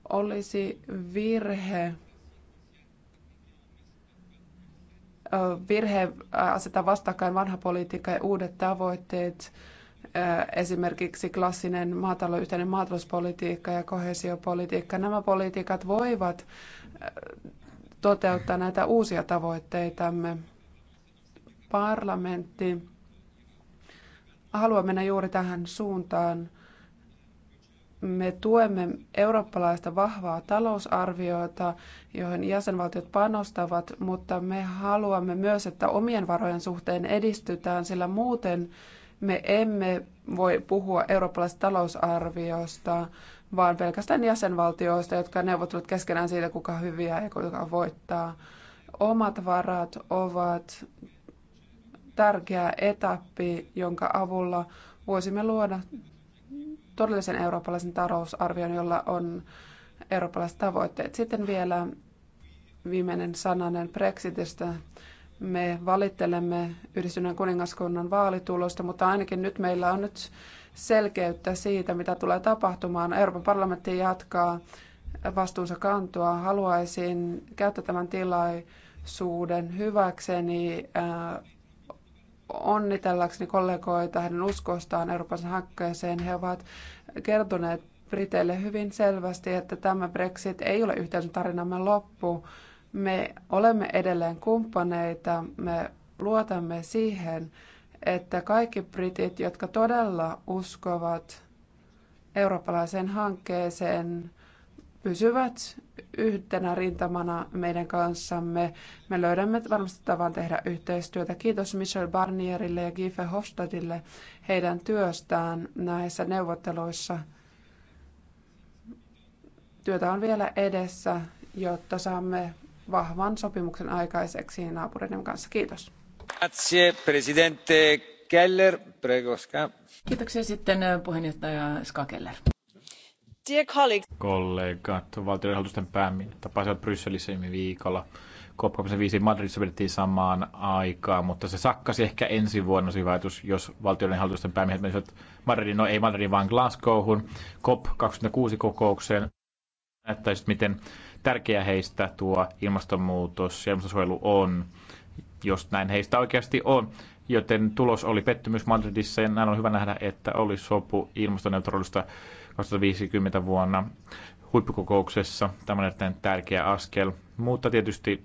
S3: Olisi virhe virhe asettaa vastakkain vanha politiikka ja uudet tavoitteet, esimerkiksi klassinen maatalo, yhteinen maatalouspolitiikka ja kohesiopolitiikka. Nämä politiikat voivat toteuttaa näitä uusia tavoitteitamme. Parlamentti haluaa mennä juuri tähän suuntaan me tuemme eurooppalaista vahvaa talousarviota, johon jäsenvaltiot panostavat, mutta me haluamme myös, että omien varojen suhteen edistytään, sillä muuten me emme voi puhua eurooppalaisesta talousarviosta, vaan pelkästään jäsenvaltioista, jotka neuvottelut keskenään siitä, kuka hyviä ja kuka voittaa. Omat varat ovat tärkeä etappi, jonka avulla voisimme luoda todellisen eurooppalaisen talousarvion, jolla on eurooppalaiset tavoitteet. Sitten vielä viimeinen sananen Brexitistä. Me valittelemme yhdistyneen kuningaskunnan vaalitulosta, mutta ainakin nyt meillä on nyt selkeyttä siitä, mitä tulee tapahtumaan. Euroopan parlamentti jatkaa vastuunsa kantoa. Haluaisin käyttää tämän tilaisuuden hyväkseni äh, onnitellakseni kollegoita hänen uskostaan Euroopan hankkeeseen. He ovat kertoneet Briteille hyvin selvästi, että tämä Brexit ei ole yhteisen tarinamme loppu. Me olemme edelleen kumppaneita, me luotamme siihen, että kaikki britit, jotka todella uskovat eurooppalaiseen hankkeeseen, pysyvät yhtenä rintamana meidän kanssamme. Me löydämme varmasti tavan tehdä yhteistyötä. Kiitos Michel Barnierille ja Guy Verhofstadille heidän työstään näissä neuvotteluissa. Työtä on vielä edessä, jotta saamme vahvan sopimuksen aikaiseksi naapureiden kanssa. Kiitos.
S2: Grazie, presidente Keller. Prego,
S3: Kiitoksia sitten eh, puheenjohtaja Ska Keller
S1: Dear colleagues.
S4: Kollegat, valtionhallitusten päämin tapasivat Brysselissä viime viikolla. cop 25 Madridissa vedettiin samaan aikaan, mutta se sakkasi ehkä ensi vuonna se hyvä ajatus, jos valtioiden hallitusten päämiehet menisivät Madridin, no ei Madridin, vaan Glasgowhun, COP26 kokoukseen. Näyttäisi, miten tärkeä heistä tuo ilmastonmuutos ja ilmastonsuojelu on, jos näin heistä oikeasti on joten tulos oli pettymys Madridissa ja näin on hyvä nähdä, että oli sopu ilmastoneutraalista 2050 vuonna huippukokouksessa. Tämä on erittäin tärkeä askel, mutta tietysti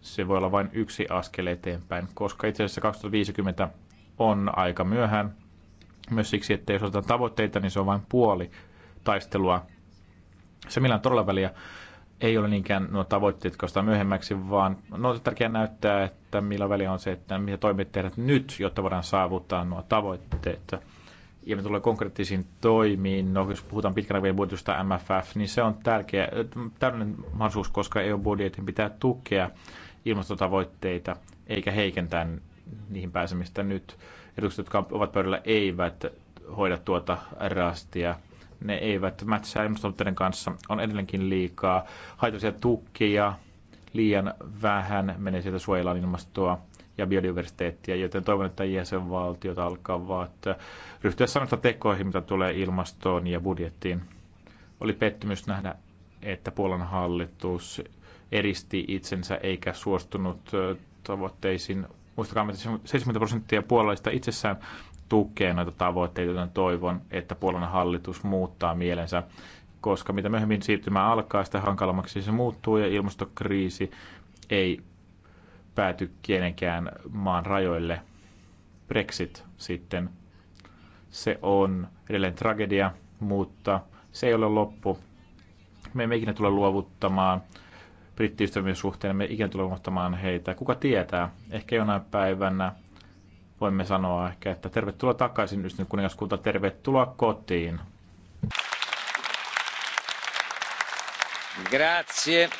S4: se voi olla vain yksi askel eteenpäin, koska itse asiassa 2050 on aika myöhään. Myös siksi, että jos otetaan tavoitteita, niin se on vain puoli taistelua. Se, millään todella väliä, ei ole niinkään nuo tavoitteet, jotka myöhemmäksi, vaan no, tärkeää näyttää, että millä väliä on se, että mitä toimet tehdään nyt, jotta voidaan saavuttaa nuo tavoitteet ja me tulee konkreettisiin toimiin, no jos puhutaan pitkän aikavälin budjetista MFF, niin se on tärkeä, äh, tämmöinen mahdollisuus, koska EU-budjetin pitää tukea ilmastotavoitteita eikä heikentää niihin pääsemistä nyt. Edukset, jotka ovat pöydällä, eivät hoida tuota rastia. Ne eivät mätsää ilmastotavoitteiden kanssa. On edelleenkin liikaa haitallisia tukkia, liian vähän menee sieltä suojellaan ilmastoa ja biodiversiteettiä, joten toivon, että jäsenvaltiot alkavat ryhtyä sanoista tekoihin, mitä tulee ilmastoon ja budjettiin. Oli pettymys nähdä, että Puolan hallitus eristi itsensä eikä suostunut tavoitteisiin. Muistakaa, että 70 prosenttia puolalaisista itsessään tukee noita tavoitteita, joten toivon, että Puolan hallitus muuttaa mielensä koska mitä myöhemmin siirtymä alkaa, sitä hankalammaksi se muuttuu ja ilmastokriisi ei pääty kenenkään maan rajoille. Brexit sitten, se on edelleen tragedia, mutta se ei ole loppu. Me emme ikinä tule luovuttamaan brittiystävien suhteen, me ikinä tule luovuttamaan heitä. Kuka tietää, ehkä jonain päivänä voimme sanoa ehkä, että tervetuloa takaisin ystävät kuningaskunta, tervetuloa kotiin.
S2: Grazie.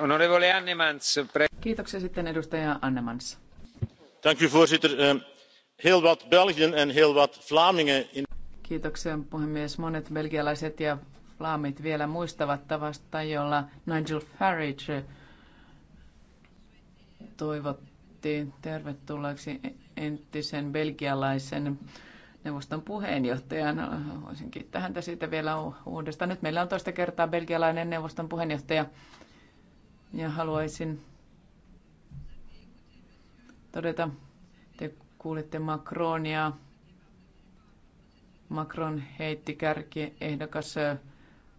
S2: Honorevole Annemans. Kiitoksia sitten Annemans. voorzitter. Ehm,
S4: heel wat Belgen en heel wat Vlamingen
S1: Kiitoksia puhemies. Monet belgialaiset ja flaamit vielä muistavat tavasta, jolla Nigel Farage toivotti tervetulleeksi entisen belgialaisen neuvoston puheenjohtajan. Voisin kiittää häntä siitä vielä uudestaan. Nyt meillä on toista kertaa belgialainen neuvoston puheenjohtaja. Ja haluaisin todeta, te kuulitte Macronia. Macron heitti kärkiehdokas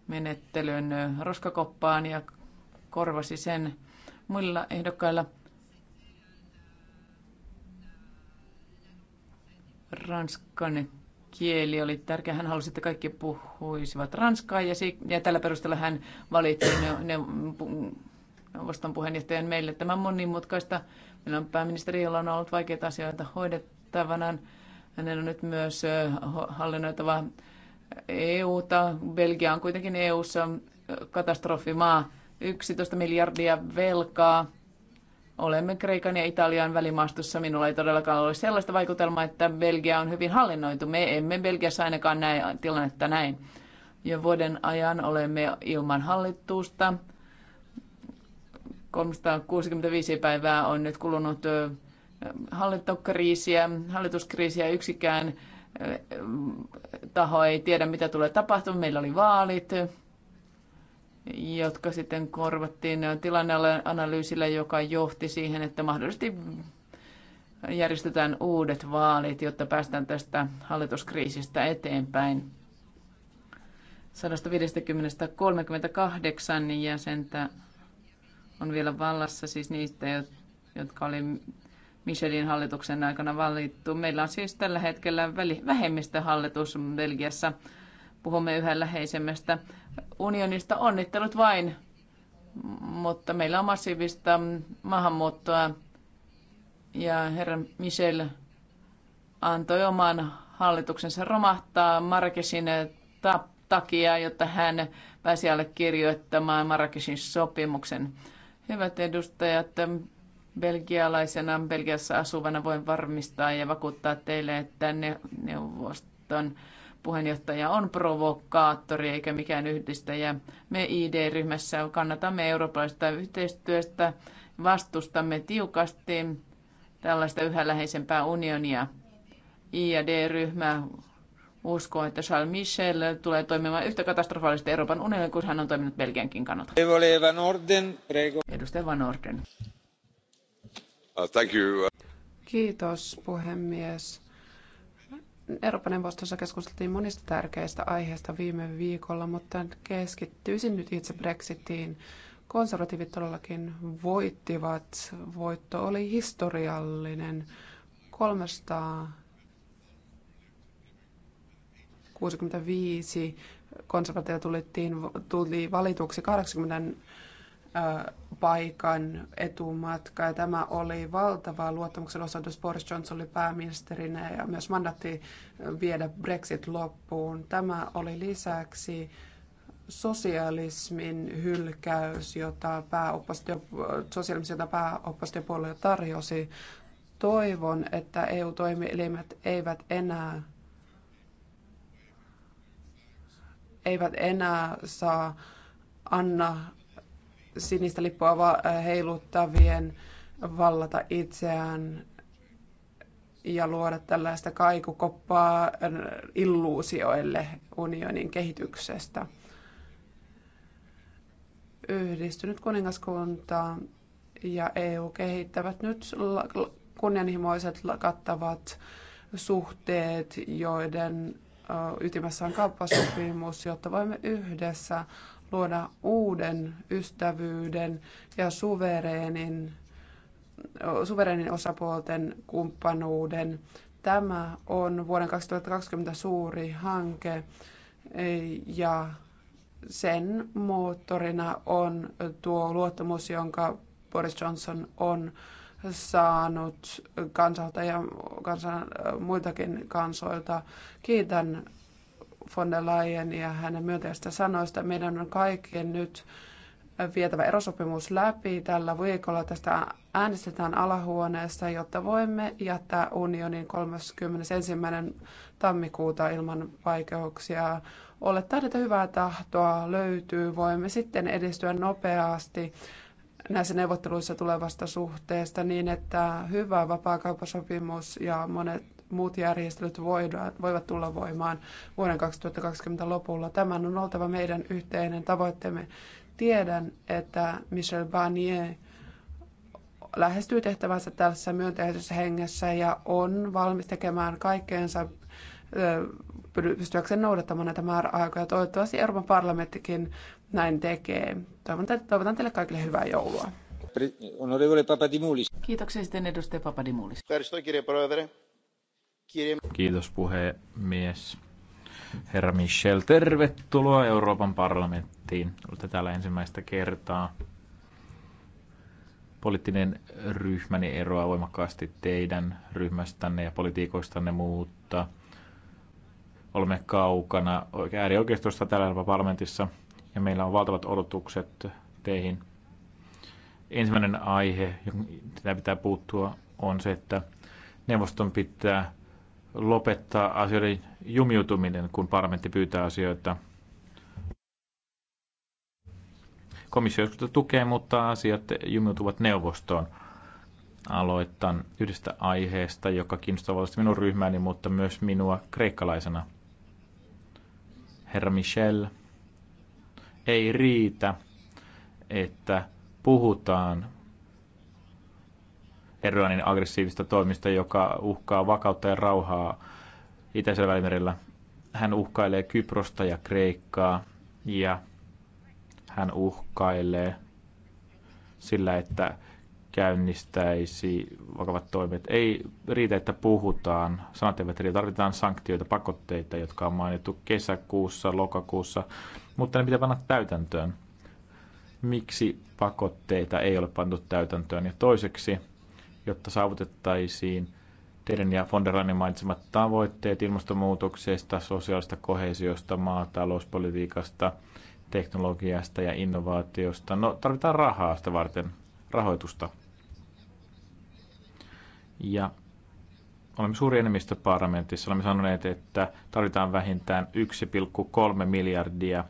S1: menettelyn roskakoppaan ja korvasi sen muilla ehdokkailla. Ranskan kieli oli tärkeä. Hän halusi, että kaikki puhuisivat ranskaa ja, ja tällä perusteella hän valitsi ne, ne neuvoston puheenjohtajan meille tämä monimutkaista. Meillä on pääministeri, jolla on ollut vaikeita asioita hoidettavana. Hänen on nyt myös hallinnoitava EU-ta. Belgia on kuitenkin EUssa katastrofimaa. 11 miljardia velkaa. Olemme Kreikan ja Italian välimaastossa. Minulla ei todellakaan ole sellaista vaikutelmaa, että Belgia on hyvin hallinnoitu. Me emme Belgiassa ainakaan näe tilannetta näin. Jo vuoden ajan olemme ilman hallitusta. 365 päivää on nyt kulunut hallintokriisiä, hallituskriisiä yksikään taho ei tiedä, mitä tulee tapahtumaan. Meillä oli vaalit, jotka sitten korvattiin tilanneanalyysillä, joka johti siihen, että mahdollisesti järjestetään uudet vaalit, jotta päästään tästä hallituskriisistä eteenpäin. 150-38 jäsentä on vielä vallassa, siis niistä, jotka oli Michelin hallituksen aikana valittu. Meillä on siis tällä hetkellä vähemmistöhallitus Belgiassa. Puhumme yhä läheisemmästä unionista. Onnittelut vain, mutta meillä on massiivista maahanmuuttoa. Ja herra Michel antoi oman hallituksensa romahtaa Marrakesin takia, jotta hän pääsi allekirjoittamaan Marrakesin sopimuksen. Hyvät edustajat, belgialaisena Belgiassa asuvana voin varmistaa ja vakuuttaa teille, että neuvoston puheenjohtaja on provokaattori eikä mikään yhdistäjä. Me ID-ryhmässä kannatamme eurooppalaista yhteistyöstä, vastustamme tiukasti tällaista yhä läheisempää unionia. ID-ryhmä uskoo, että Charles Michel tulee toimimaan yhtä katastrofaalisesti Euroopan unionille kuin hän on toiminut Belgiankin kannalta.
S2: Van Orden, prego. Edustaja Van Orden. Uh, thank you.
S3: Kiitos puhemies. Euroopan neuvostossa keskusteltiin monista tärkeistä aiheista viime viikolla, mutta keskittyisin nyt itse Brexitiin. Konservatiivit todellakin voittivat. Voitto oli historiallinen. 300 65 konservatiivia tulittiin, tuli valituksi 80 paikan etumatka. Ja tämä oli valtava luottamuksen osoitus. Boris Johnson oli pääministerinä ja myös mandatti viedä Brexit loppuun. Tämä oli lisäksi sosialismin hylkäys, jota pääoppositio, sosialismi, jota pääoppositiopuolue tarjosi. Toivon, että EU-toimielimet eivät enää eivät enää saa anna sinistä lippua äh, heiluttavien vallata itseään ja luoda tällaista kaikukoppaa äh, illuusioille unionin kehityksestä. Yhdistynyt kuningaskunta ja EU kehittävät nyt kunnianhimoiset kattavat suhteet, joiden ytimessä on kauppasopimus, jotta voimme yhdessä luoda uuden ystävyyden ja suvereenin, suvereenin osapuolten kumppanuuden. Tämä on vuoden 2020 suuri hanke e, ja sen moottorina on tuo luottamus, jonka Boris Johnson on saanut kansalta ja kansan, äh, muiltakin kansoilta. Kiitän von der Leyen ja hänen myönteistä sanoista. Meidän on kaikkien nyt äh, vietävä erosopimus läpi. Tällä viikolla tästä äänestetään alahuoneessa, jotta voimme jättää unionin 31. tammikuuta ilman vaikeuksia. Olettaen, että hyvää tahtoa löytyy. Voimme sitten edistyä nopeasti näissä neuvotteluissa tulevasta suhteesta niin, että hyvä vapaakauppasopimus ja monet muut järjestelyt voidaan, voivat tulla voimaan vuoden 2020 lopulla. Tämän on oltava meidän yhteinen tavoitteemme. Tiedän, että Michel Barnier lähestyy tehtävänsä tässä myönteisessä hengessä ja on valmis tekemään kaikkeensa pystyäkseen noudattamaan näitä määräaikoja. Toivottavasti Euroopan parlamenttikin näin tekee. te, toivotan teille kaikille hyvää joulua. Kiitoksia sitten edustaja Papadimoulis.
S4: Kiitos puhemies. Herra Michel, tervetuloa Euroopan parlamenttiin. Olette täällä ensimmäistä kertaa. Poliittinen ryhmäni eroaa voimakkaasti teidän ryhmästänne ja politiikoistanne, muutta. olemme kaukana äärioikeistosta täällä Euroopan parlamentissa – ja meillä on valtavat odotukset teihin. Ensimmäinen aihe, johon pitää puuttua, on se, että neuvoston pitää lopettaa asioiden jumiutuminen, kun parlamentti pyytää asioita. Komissio joskus tukee, mutta asiat jumiutuvat neuvostoon. Aloitan yhdestä aiheesta, joka kiinnostaa valitettavasti minun ryhmääni, mutta myös minua kreikkalaisena. Herra Michel, ei riitä, että puhutaan Erdoganin aggressiivista toimista, joka uhkaa vakautta ja rauhaa Itäisellä välimerellä. Hän uhkailee Kyprosta ja Kreikkaa ja hän uhkailee sillä, että käynnistäisi vakavat toimet. Ei riitä, että puhutaan. Sanat eivät riitä. Tarvitaan sanktioita, pakotteita, jotka on mainittu kesäkuussa, lokakuussa, mutta ne pitää panna täytäntöön. Miksi pakotteita ei ole pantu täytäntöön? Ja toiseksi, jotta saavutettaisiin teidän ja von der Leyenin mainitsemat tavoitteet ilmastonmuutoksesta, sosiaalista kohesiosta, maatalouspolitiikasta, teknologiasta ja innovaatiosta. No, tarvitaan rahaa sitä varten, rahoitusta. Ja olemme suuri enemmistö parlamentissa. Olemme sanoneet, että tarvitaan vähintään 1,3 miljardia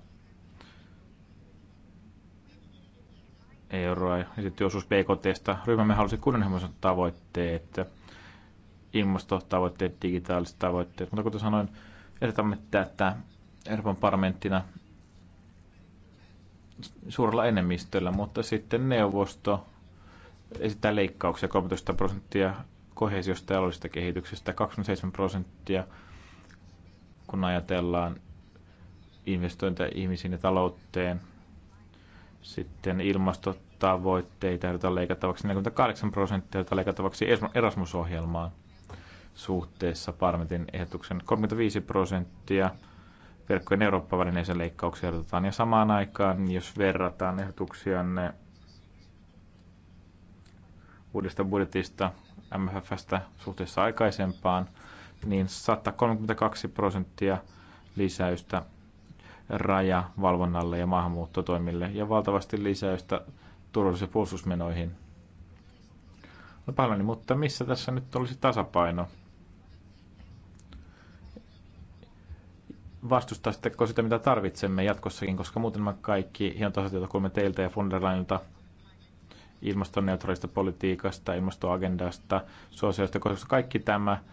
S4: euroa ja sitten osuus BKTstä. Ryhmämme halusi kunnianhimoiset tavoitteet, ilmastotavoitteet, digitaaliset tavoitteet. Mutta kuten sanoin, edetämme tätä Euroopan parlamenttina suurella enemmistöllä, mutta sitten neuvosto esittää leikkauksia 13 prosenttia kohesiosta ja taloudellisesta kehityksestä 27 prosenttia, kun ajatellaan investointeja ihmisiin ja talouteen. Sitten ilmastotavoitteita joudutaan leikattavaksi 48 prosenttia, joudutaan leikattavaksi Erasmus-ohjelmaan suhteessa parlamentin ehdotuksen 35 prosenttia verkkojen Eurooppa-välineisen leikkauksia ehdotetaan. Ja samaan aikaan, jos verrataan ehdotuksianne uudesta budjetista MFFstä suhteessa aikaisempaan, niin 132 prosenttia lisäystä rajavalvonnalle ja maahanmuuttotoimille ja valtavasti lisäystä turvallisuus- ja puolustusmenoihin. No paljon, mutta missä tässä nyt olisi tasapaino? Vastustaisitteko sitä, mitä tarvitsemme jatkossakin, koska muuten kaikki hienot asiat, joita kuulemme teiltä ja von der Leinilta, ilmastoneutraalista politiikasta, ilmastoagendasta, suosioista, koska kaikki tämä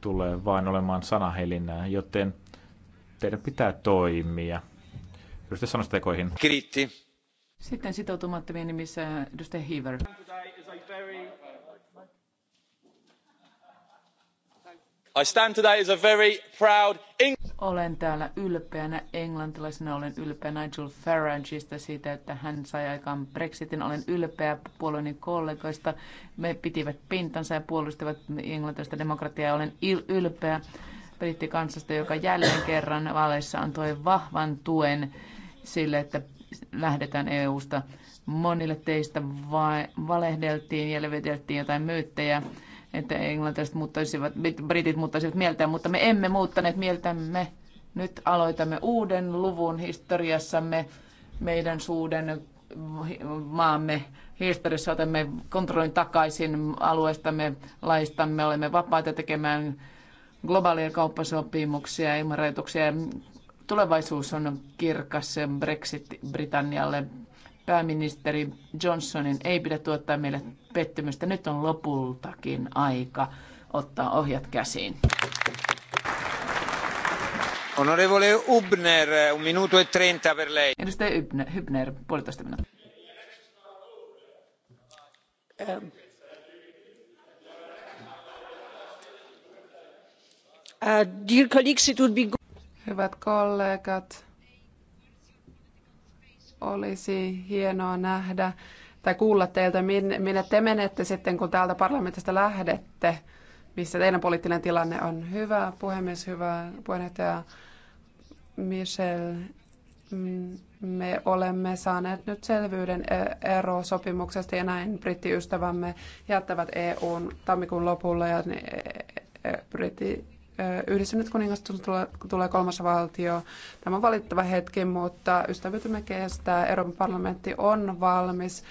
S4: tulee vain olemaan sanahelinää, joten teidän pitää toimia. sanoa tekoihin. Kriitti.
S1: Sitten sitoutumattomien nimissä edustaja Heaver.
S2: I stand today as a very proud
S1: olen täällä ylpeänä englantilaisena, olen ylpeä Nigel Farageista siitä, että hän sai aikaan Brexitin. Olen ylpeä puolueeni kollegoista. Me pitivät pintansa ja puolustivat englantilaista demokratiaa. Olen ylpeä brittikansasta, joka jälleen kerran vaaleissa antoi vahvan tuen sille, että lähdetään EU-sta. Monille teistä valehdeltiin ja leviteltiin jotain myyttejä että englantilaiset muuttaisivat, britit muuttaisivat mieltään, mutta me emme muuttaneet mieltämme. Nyt aloitamme uuden luvun historiassamme, meidän suuden maamme historiassa otamme kontrollin takaisin alueestamme, laistamme, olemme vapaita tekemään globaaleja kauppasopimuksia ilman rajoituksia. Tulevaisuus on kirkas Brexit Britannialle. Pääministeri Johnsonin ei pidä tuottaa meille pettymystä. Nyt on lopultakin aika ottaa ohjat käsiin.
S2: Onorevole Hübner, un minuto e trenta per lei. Edustaja Hübner, Hübner puolitoista minuuttia. Ähm.
S3: Uh, dear Hyvät kollegat, olisi hienoa nähdä tai kuulla teiltä, minne te menette sitten, kun täältä parlamentista lähdette, missä teidän poliittinen tilanne on. Hyvä puhemies, hyvä puheenjohtaja Michel. Mm, me olemme saaneet nyt selvyyden e, erosopimuksesta ja näin brittiystävämme jättävät EUn tammikuun lopulla ja e, e, britti Yhdistynyt kuningas tulee kolmas valtio. Tämä on valittava hetki, mutta ystävytymme kestää. Euroopan parlamentti on valmis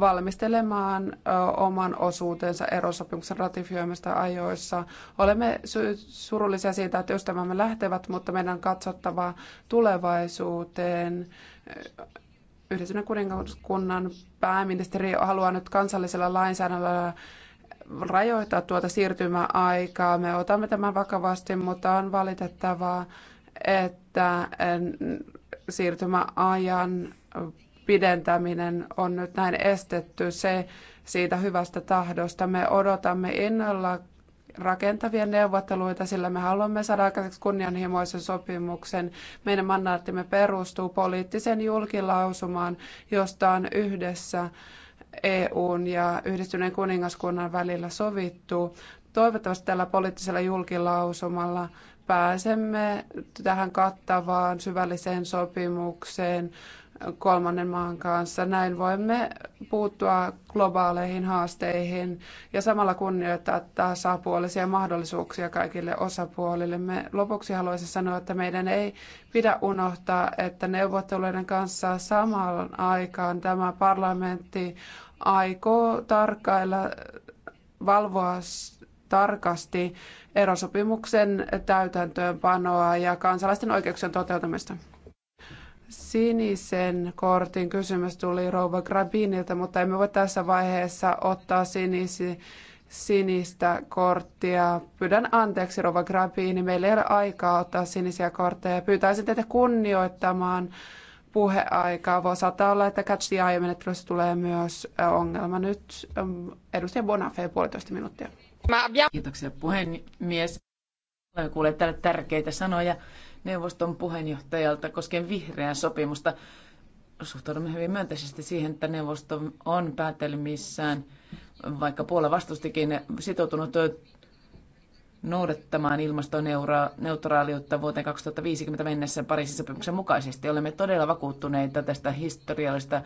S3: valmistelemaan oman osuutensa erosopimuksen ratifioimista ajoissa. Olemme surullisia siitä, että ystävämme lähtevät, mutta meidän on katsottava tulevaisuuteen. Yhdistyneen kuningaskunnan pääministeri haluaa nyt kansallisella lainsäädännöllä rajoittaa tuota siirtymäaikaa. Me otamme tämän vakavasti, mutta on valitettavaa, että siirtymäajan pidentäminen on nyt näin estetty. Se siitä hyvästä tahdosta. Me odotamme innolla rakentavia neuvotteluita, sillä me haluamme saada aikaiseksi kunnianhimoisen sopimuksen. Meidän mandaattimme perustuu poliittiseen julkilausumaan, josta on yhdessä EUn ja yhdistyneen kuningaskunnan välillä sovittu. Toivottavasti tällä poliittisella julkilausumalla pääsemme tähän kattavaan syvälliseen sopimukseen kolmannen maan kanssa. Näin voimme puuttua globaaleihin haasteihin ja samalla kunnioittaa tasapuolisia mahdollisuuksia kaikille osapuolille. Me lopuksi haluaisin sanoa, että meidän ei pidä unohtaa, että neuvotteluiden kanssa samaan aikaan tämä parlamentti aikoo tarkkailla, valvoa tarkasti erosopimuksen täytäntöönpanoa ja kansalaisten oikeuksien toteutumista sinisen kortin kysymys tuli rouva Grabinilta, mutta emme voi tässä vaiheessa ottaa sinisi, sinistä korttia. Pyydän anteeksi rouva Grabini, meillä ei ole aikaa ottaa sinisiä kortteja. Pyytäisin teitä kunnioittamaan puheaikaa. Voi saattaa olla, että catch the eye-menettelyssä tulee myös äh, ongelma. Nyt ähm, edustaja Bonafé puolitoista minuuttia.
S1: Kiitoksia puhemies. Olen kuullut tärkeitä sanoja neuvoston puheenjohtajalta koskien vihreää sopimusta. Suhtaudumme hyvin myönteisesti siihen, että neuvosto on päätelmissään, vaikka Puola vastustikin sitoutunut noudattamaan ilmastoneutraaliutta vuoteen 2050 mennessä Pariisin sopimuksen mukaisesti. Olemme todella vakuuttuneita tästä historiallisesta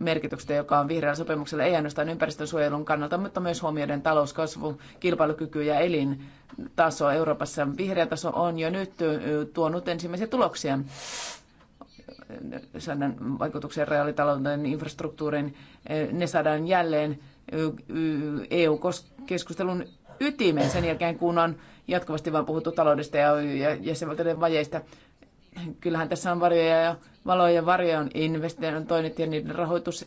S1: merkityksestä, joka on vihreällä sopimuksella, ei ainoastaan ympäristönsuojelun kannalta, mutta myös huomioiden talouskasvu, kilpailukyky ja elintaso Euroopassa. Vihreä taso on jo nyt tuonut ensimmäisiä tuloksia saadaan vaikutuksen reaalitalouden infrastruktuurin, ne saadaan jälleen EU-keskustelun ytimen sen jälkeen, kun on jatkuvasti vain puhuttu taloudesta ja jäsenvaltioiden vajeista. Kyllähän tässä on varjoja ja valoja varjoja on investoinnit ja niiden rahoitus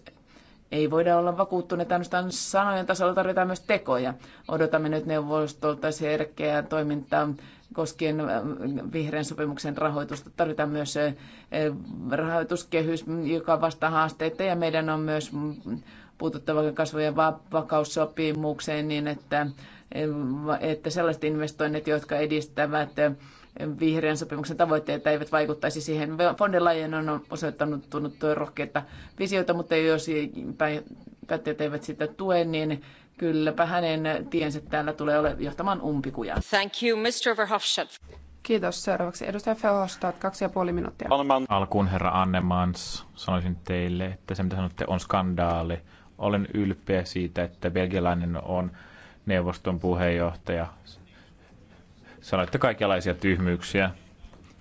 S1: ei voida olla vakuuttuneita ainoastaan sanojen tasolla, tarvitaan myös tekoja. Odotamme nyt neuvostolta selkeää toimintaa koskien äh, vihreän sopimuksen rahoitusta. Tarvitaan myös äh, rahoituskehys, joka vastaa haasteita ja meidän on myös puututtava kasvojen vakaussopimukseen niin, että, äh, että sellaiset investoinnit, jotka edistävät vihreän sopimuksen tavoitteet eivät vaikuttaisi siihen. Von der Leyen on osoittanut rohkeita visioita, mutta jos päättäjät eivät sitä tue, niin kylläpä hänen tiensä täällä tulee ole johtamaan umpikuja. Thank you,
S3: Mr. Verhofstadt. Kiitos. Seuraavaksi edustaja Felhostad, kaksi ja puoli minuuttia.
S4: Alkuun herra Annemans, sanoisin teille, että se mitä sanotte on skandaali. Olen ylpeä siitä, että belgialainen on neuvoston puheenjohtaja sanoitte kaikenlaisia tyhmyyksiä.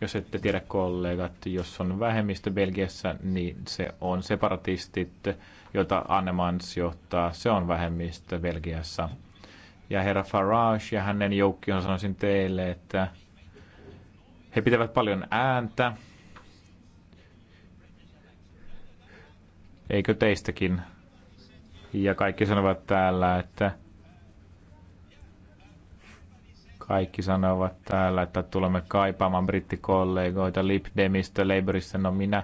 S4: Jos ette tiedä kollegat, jos on vähemmistö Belgiassa, niin se on separatistit, jota Annemans johtaa. Se on vähemmistö Belgiassa. Ja herra Farage ja hänen joukkion sanoisin teille, että he pitävät paljon ääntä. Eikö teistäkin? Ja kaikki sanovat täällä, että kaikki sanovat täällä, että tulemme kaipaamaan brittikollegoita Lib Demistä, Labourista. No minä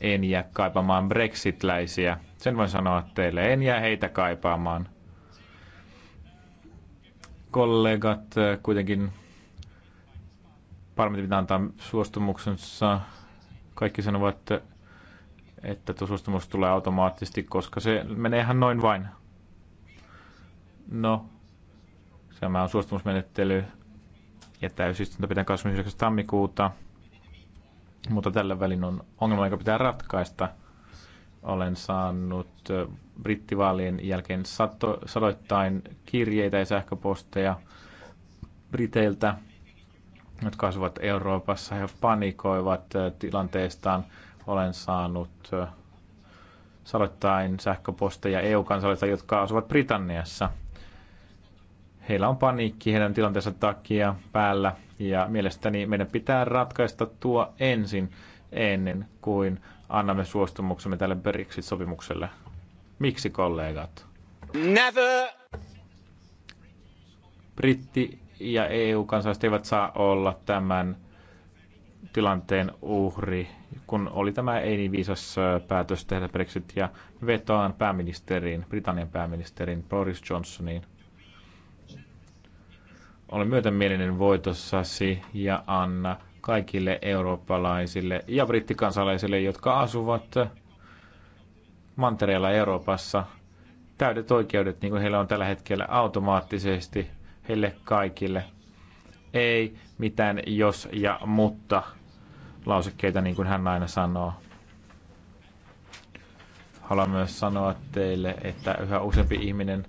S4: en jää kaipaamaan brexitläisiä. Sen voin sanoa teille, en jää heitä kaipaamaan. Kollegat eh, kuitenkin parmit pitää antaa suostumuksensa. Kaikki sanovat, että tuo suostumus tulee automaattisesti, koska se menee ihan noin vain. No, Tämä on suostumusmenettely ja täysistunto pitää 29. tammikuuta, mutta tällä välin on ongelma, joka pitää ratkaista. Olen saanut brittivaalien jälkeen sato, sadoittain kirjeitä ja sähköposteja Briteiltä, jotka asuvat Euroopassa. He panikoivat tilanteestaan. Olen saanut sadoittain sähköposteja EU-kansalaisilta, jotka asuvat Britanniassa – heillä on paniikki heidän tilanteensa takia päällä ja mielestäni meidän pitää ratkaista tuo ensin ennen kuin annamme suostumuksemme tälle Brexit-sopimukselle. Miksi kollegat?
S2: Never!
S4: Britti ja EU-kansalaiset eivät saa olla tämän tilanteen uhri, kun oli tämä ei niin viisas päätös tehdä Brexit ja vetoan pääministeriin, Britannian pääministeriin, Boris Johnsoniin – olen myötämielinen voitossasi ja anna kaikille eurooppalaisille ja brittikansalaisille, jotka asuvat mantereella Euroopassa täydet oikeudet, niin kuin heillä on tällä hetkellä automaattisesti heille kaikille. Ei mitään jos ja mutta lausekkeita, niin kuin hän aina sanoo. Haluan myös sanoa teille, että yhä useampi ihminen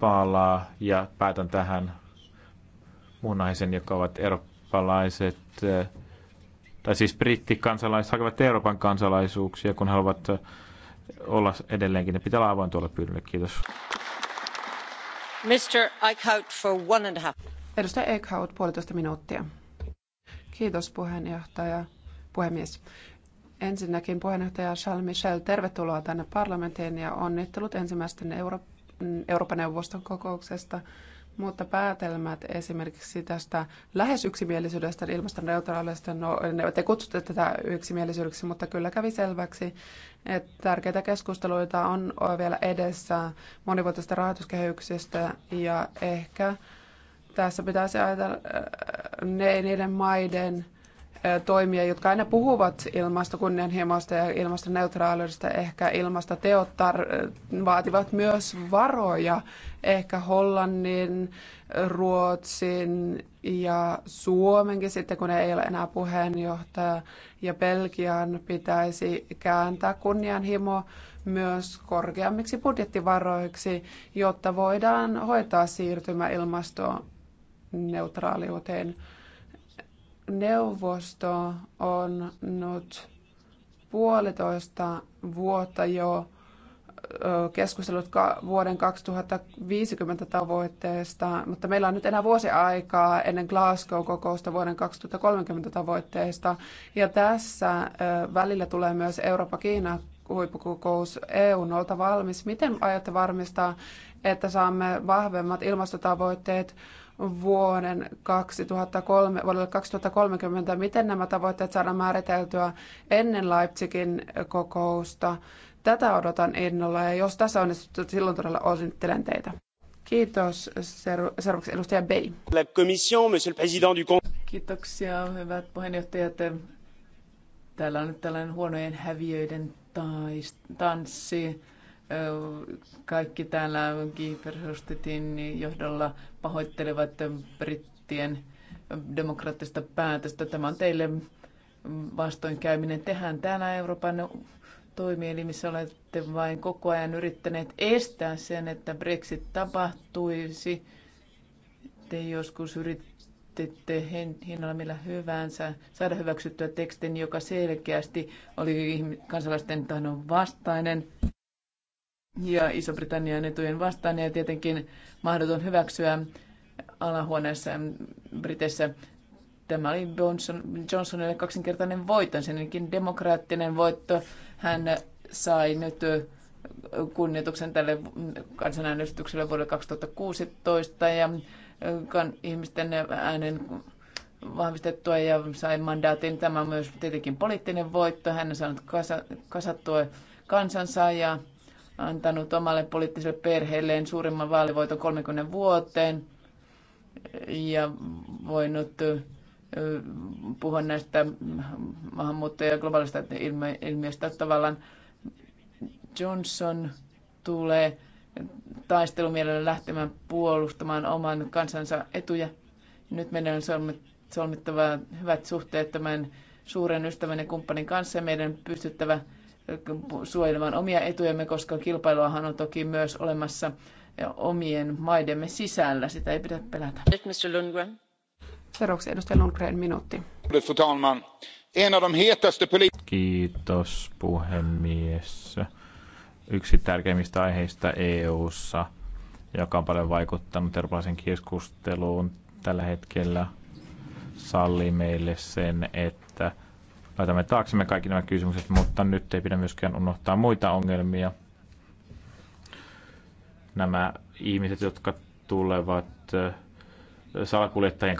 S4: palaa ja päätän tähän muun joka ovat eurooppalaiset, eh, tai siis brittikansalaiset hakevat Euroopan kansalaisuuksia, kun haluavat eh, olla edelleenkin. Ne pitää olla avoin tuolla pyydöllä. Kiitos. Mr. Eichhout for one and a half.
S3: Edustaja Eichhout, puolitoista minuuttia. Kiitos puheenjohtaja, puhemies. Ensinnäkin puheenjohtaja Charles Michel, tervetuloa tänne parlamenttiin ja onnittelut ensimmäisten Euro- Euroopan neuvoston kokouksesta mutta päätelmät esimerkiksi tästä lähes yksimielisyydestä ilmastoneutraalista, no te kutsutte tätä yksimielisyydeksi, mutta kyllä kävi selväksi, että tärkeitä keskusteluita on vielä edessä monivuotisesta rahoituskehyksestä ja ehkä tässä pitäisi ajatella äh, ne, niiden maiden toimia, jotka aina puhuvat ilmastokunnianhimosta ja ilmastoneutraaliudesta, ehkä ilmastoteot tar- vaativat myös varoja. Ehkä Hollannin, Ruotsin ja Suomenkin sitten, kun ei ole enää puheenjohtaja, ja Belgian pitäisi kääntää kunnianhimo myös korkeammiksi budjettivaroiksi, jotta voidaan hoitaa siirtymä ilmastoneutraaliuteen. neutraaliuteen neuvosto on nyt puolitoista vuotta jo keskustellut vuoden 2050 tavoitteesta, mutta meillä on nyt enää vuosi aikaa ennen Glasgow-kokousta vuoden 2030 tavoitteesta. Ja tässä välillä tulee myös Eurooppa-Kiina huippukokous EU on oltava valmis. Miten aiotte varmistaa, että saamme vahvemmat ilmastotavoitteet vuoden 2003, vuodelle 2030, miten nämä tavoitteet saadaan määriteltyä ennen Leipzigin kokousta. Tätä odotan innolla ja jos tässä onnistuu, silloin todella onnittelen teitä. Kiitos. Seuraavaksi edustaja Bay. La commission,
S2: monsieur le président
S3: du Kiitoksia, hyvät puheenjohtajat. Täällä on nyt
S1: tällainen huonojen häviöiden tanssi kaikki täällä Kiiperhostetin johdolla pahoittelevat brittien demokraattista päätöstä. Tämä on teille vastoinkäyminen. Tehän täällä Euroopan toimielimissä olette vain koko ajan yrittäneet estää sen, että Brexit tapahtuisi. Te joskus yrittette hinnalla millä hyvänsä saada hyväksyttyä tekstin, joka selkeästi oli kansalaisten tahdon vastainen ja Iso-Britannian etujen vastaan ja tietenkin mahdoton hyväksyä alahuoneessa Briteissä. Tämä oli Johnson, Johnsonille kaksinkertainen voitto, senkin demokraattinen voitto. Hän sai nyt kunnioituksen tälle kansanäänestykselle vuodelle 2016 ja ihmisten äänen vahvistettua ja sai mandaatin. Tämä on myös tietenkin poliittinen voitto. Hän on saanut kasa, kasattua kansansa ja antanut omalle poliittiselle perheelleen suurimman vaalivoiton 30 vuoteen ja voinut puhua näistä maahanmuuttajia ja globaalista ilmiöstä tavallaan Johnson tulee taistelumielellä lähtemään puolustamaan oman kansansa etuja. Nyt meidän on solmittava hyvät suhteet tämän suuren ystävän ja kumppanin kanssa. Meidän pystyttävä suojelemaan omia etujamme, koska kilpailuahan on toki myös olemassa omien maidemme sisällä. Sitä ei pidä pelätä. Mr. Lundgren.
S3: Seuraavaksi edustaja Lundgren, minuutti.
S4: Kiitos puhemies. Yksi tärkeimmistä aiheista EU:ssa, joka on paljon vaikuttanut eurooppalaisen keskusteluun tällä hetkellä, Salli meille sen, että – laitamme taaksemme kaikki nämä kysymykset, mutta nyt ei pidä myöskään unohtaa muita ongelmia. Nämä ihmiset, jotka tulevat äh, salakuljettajien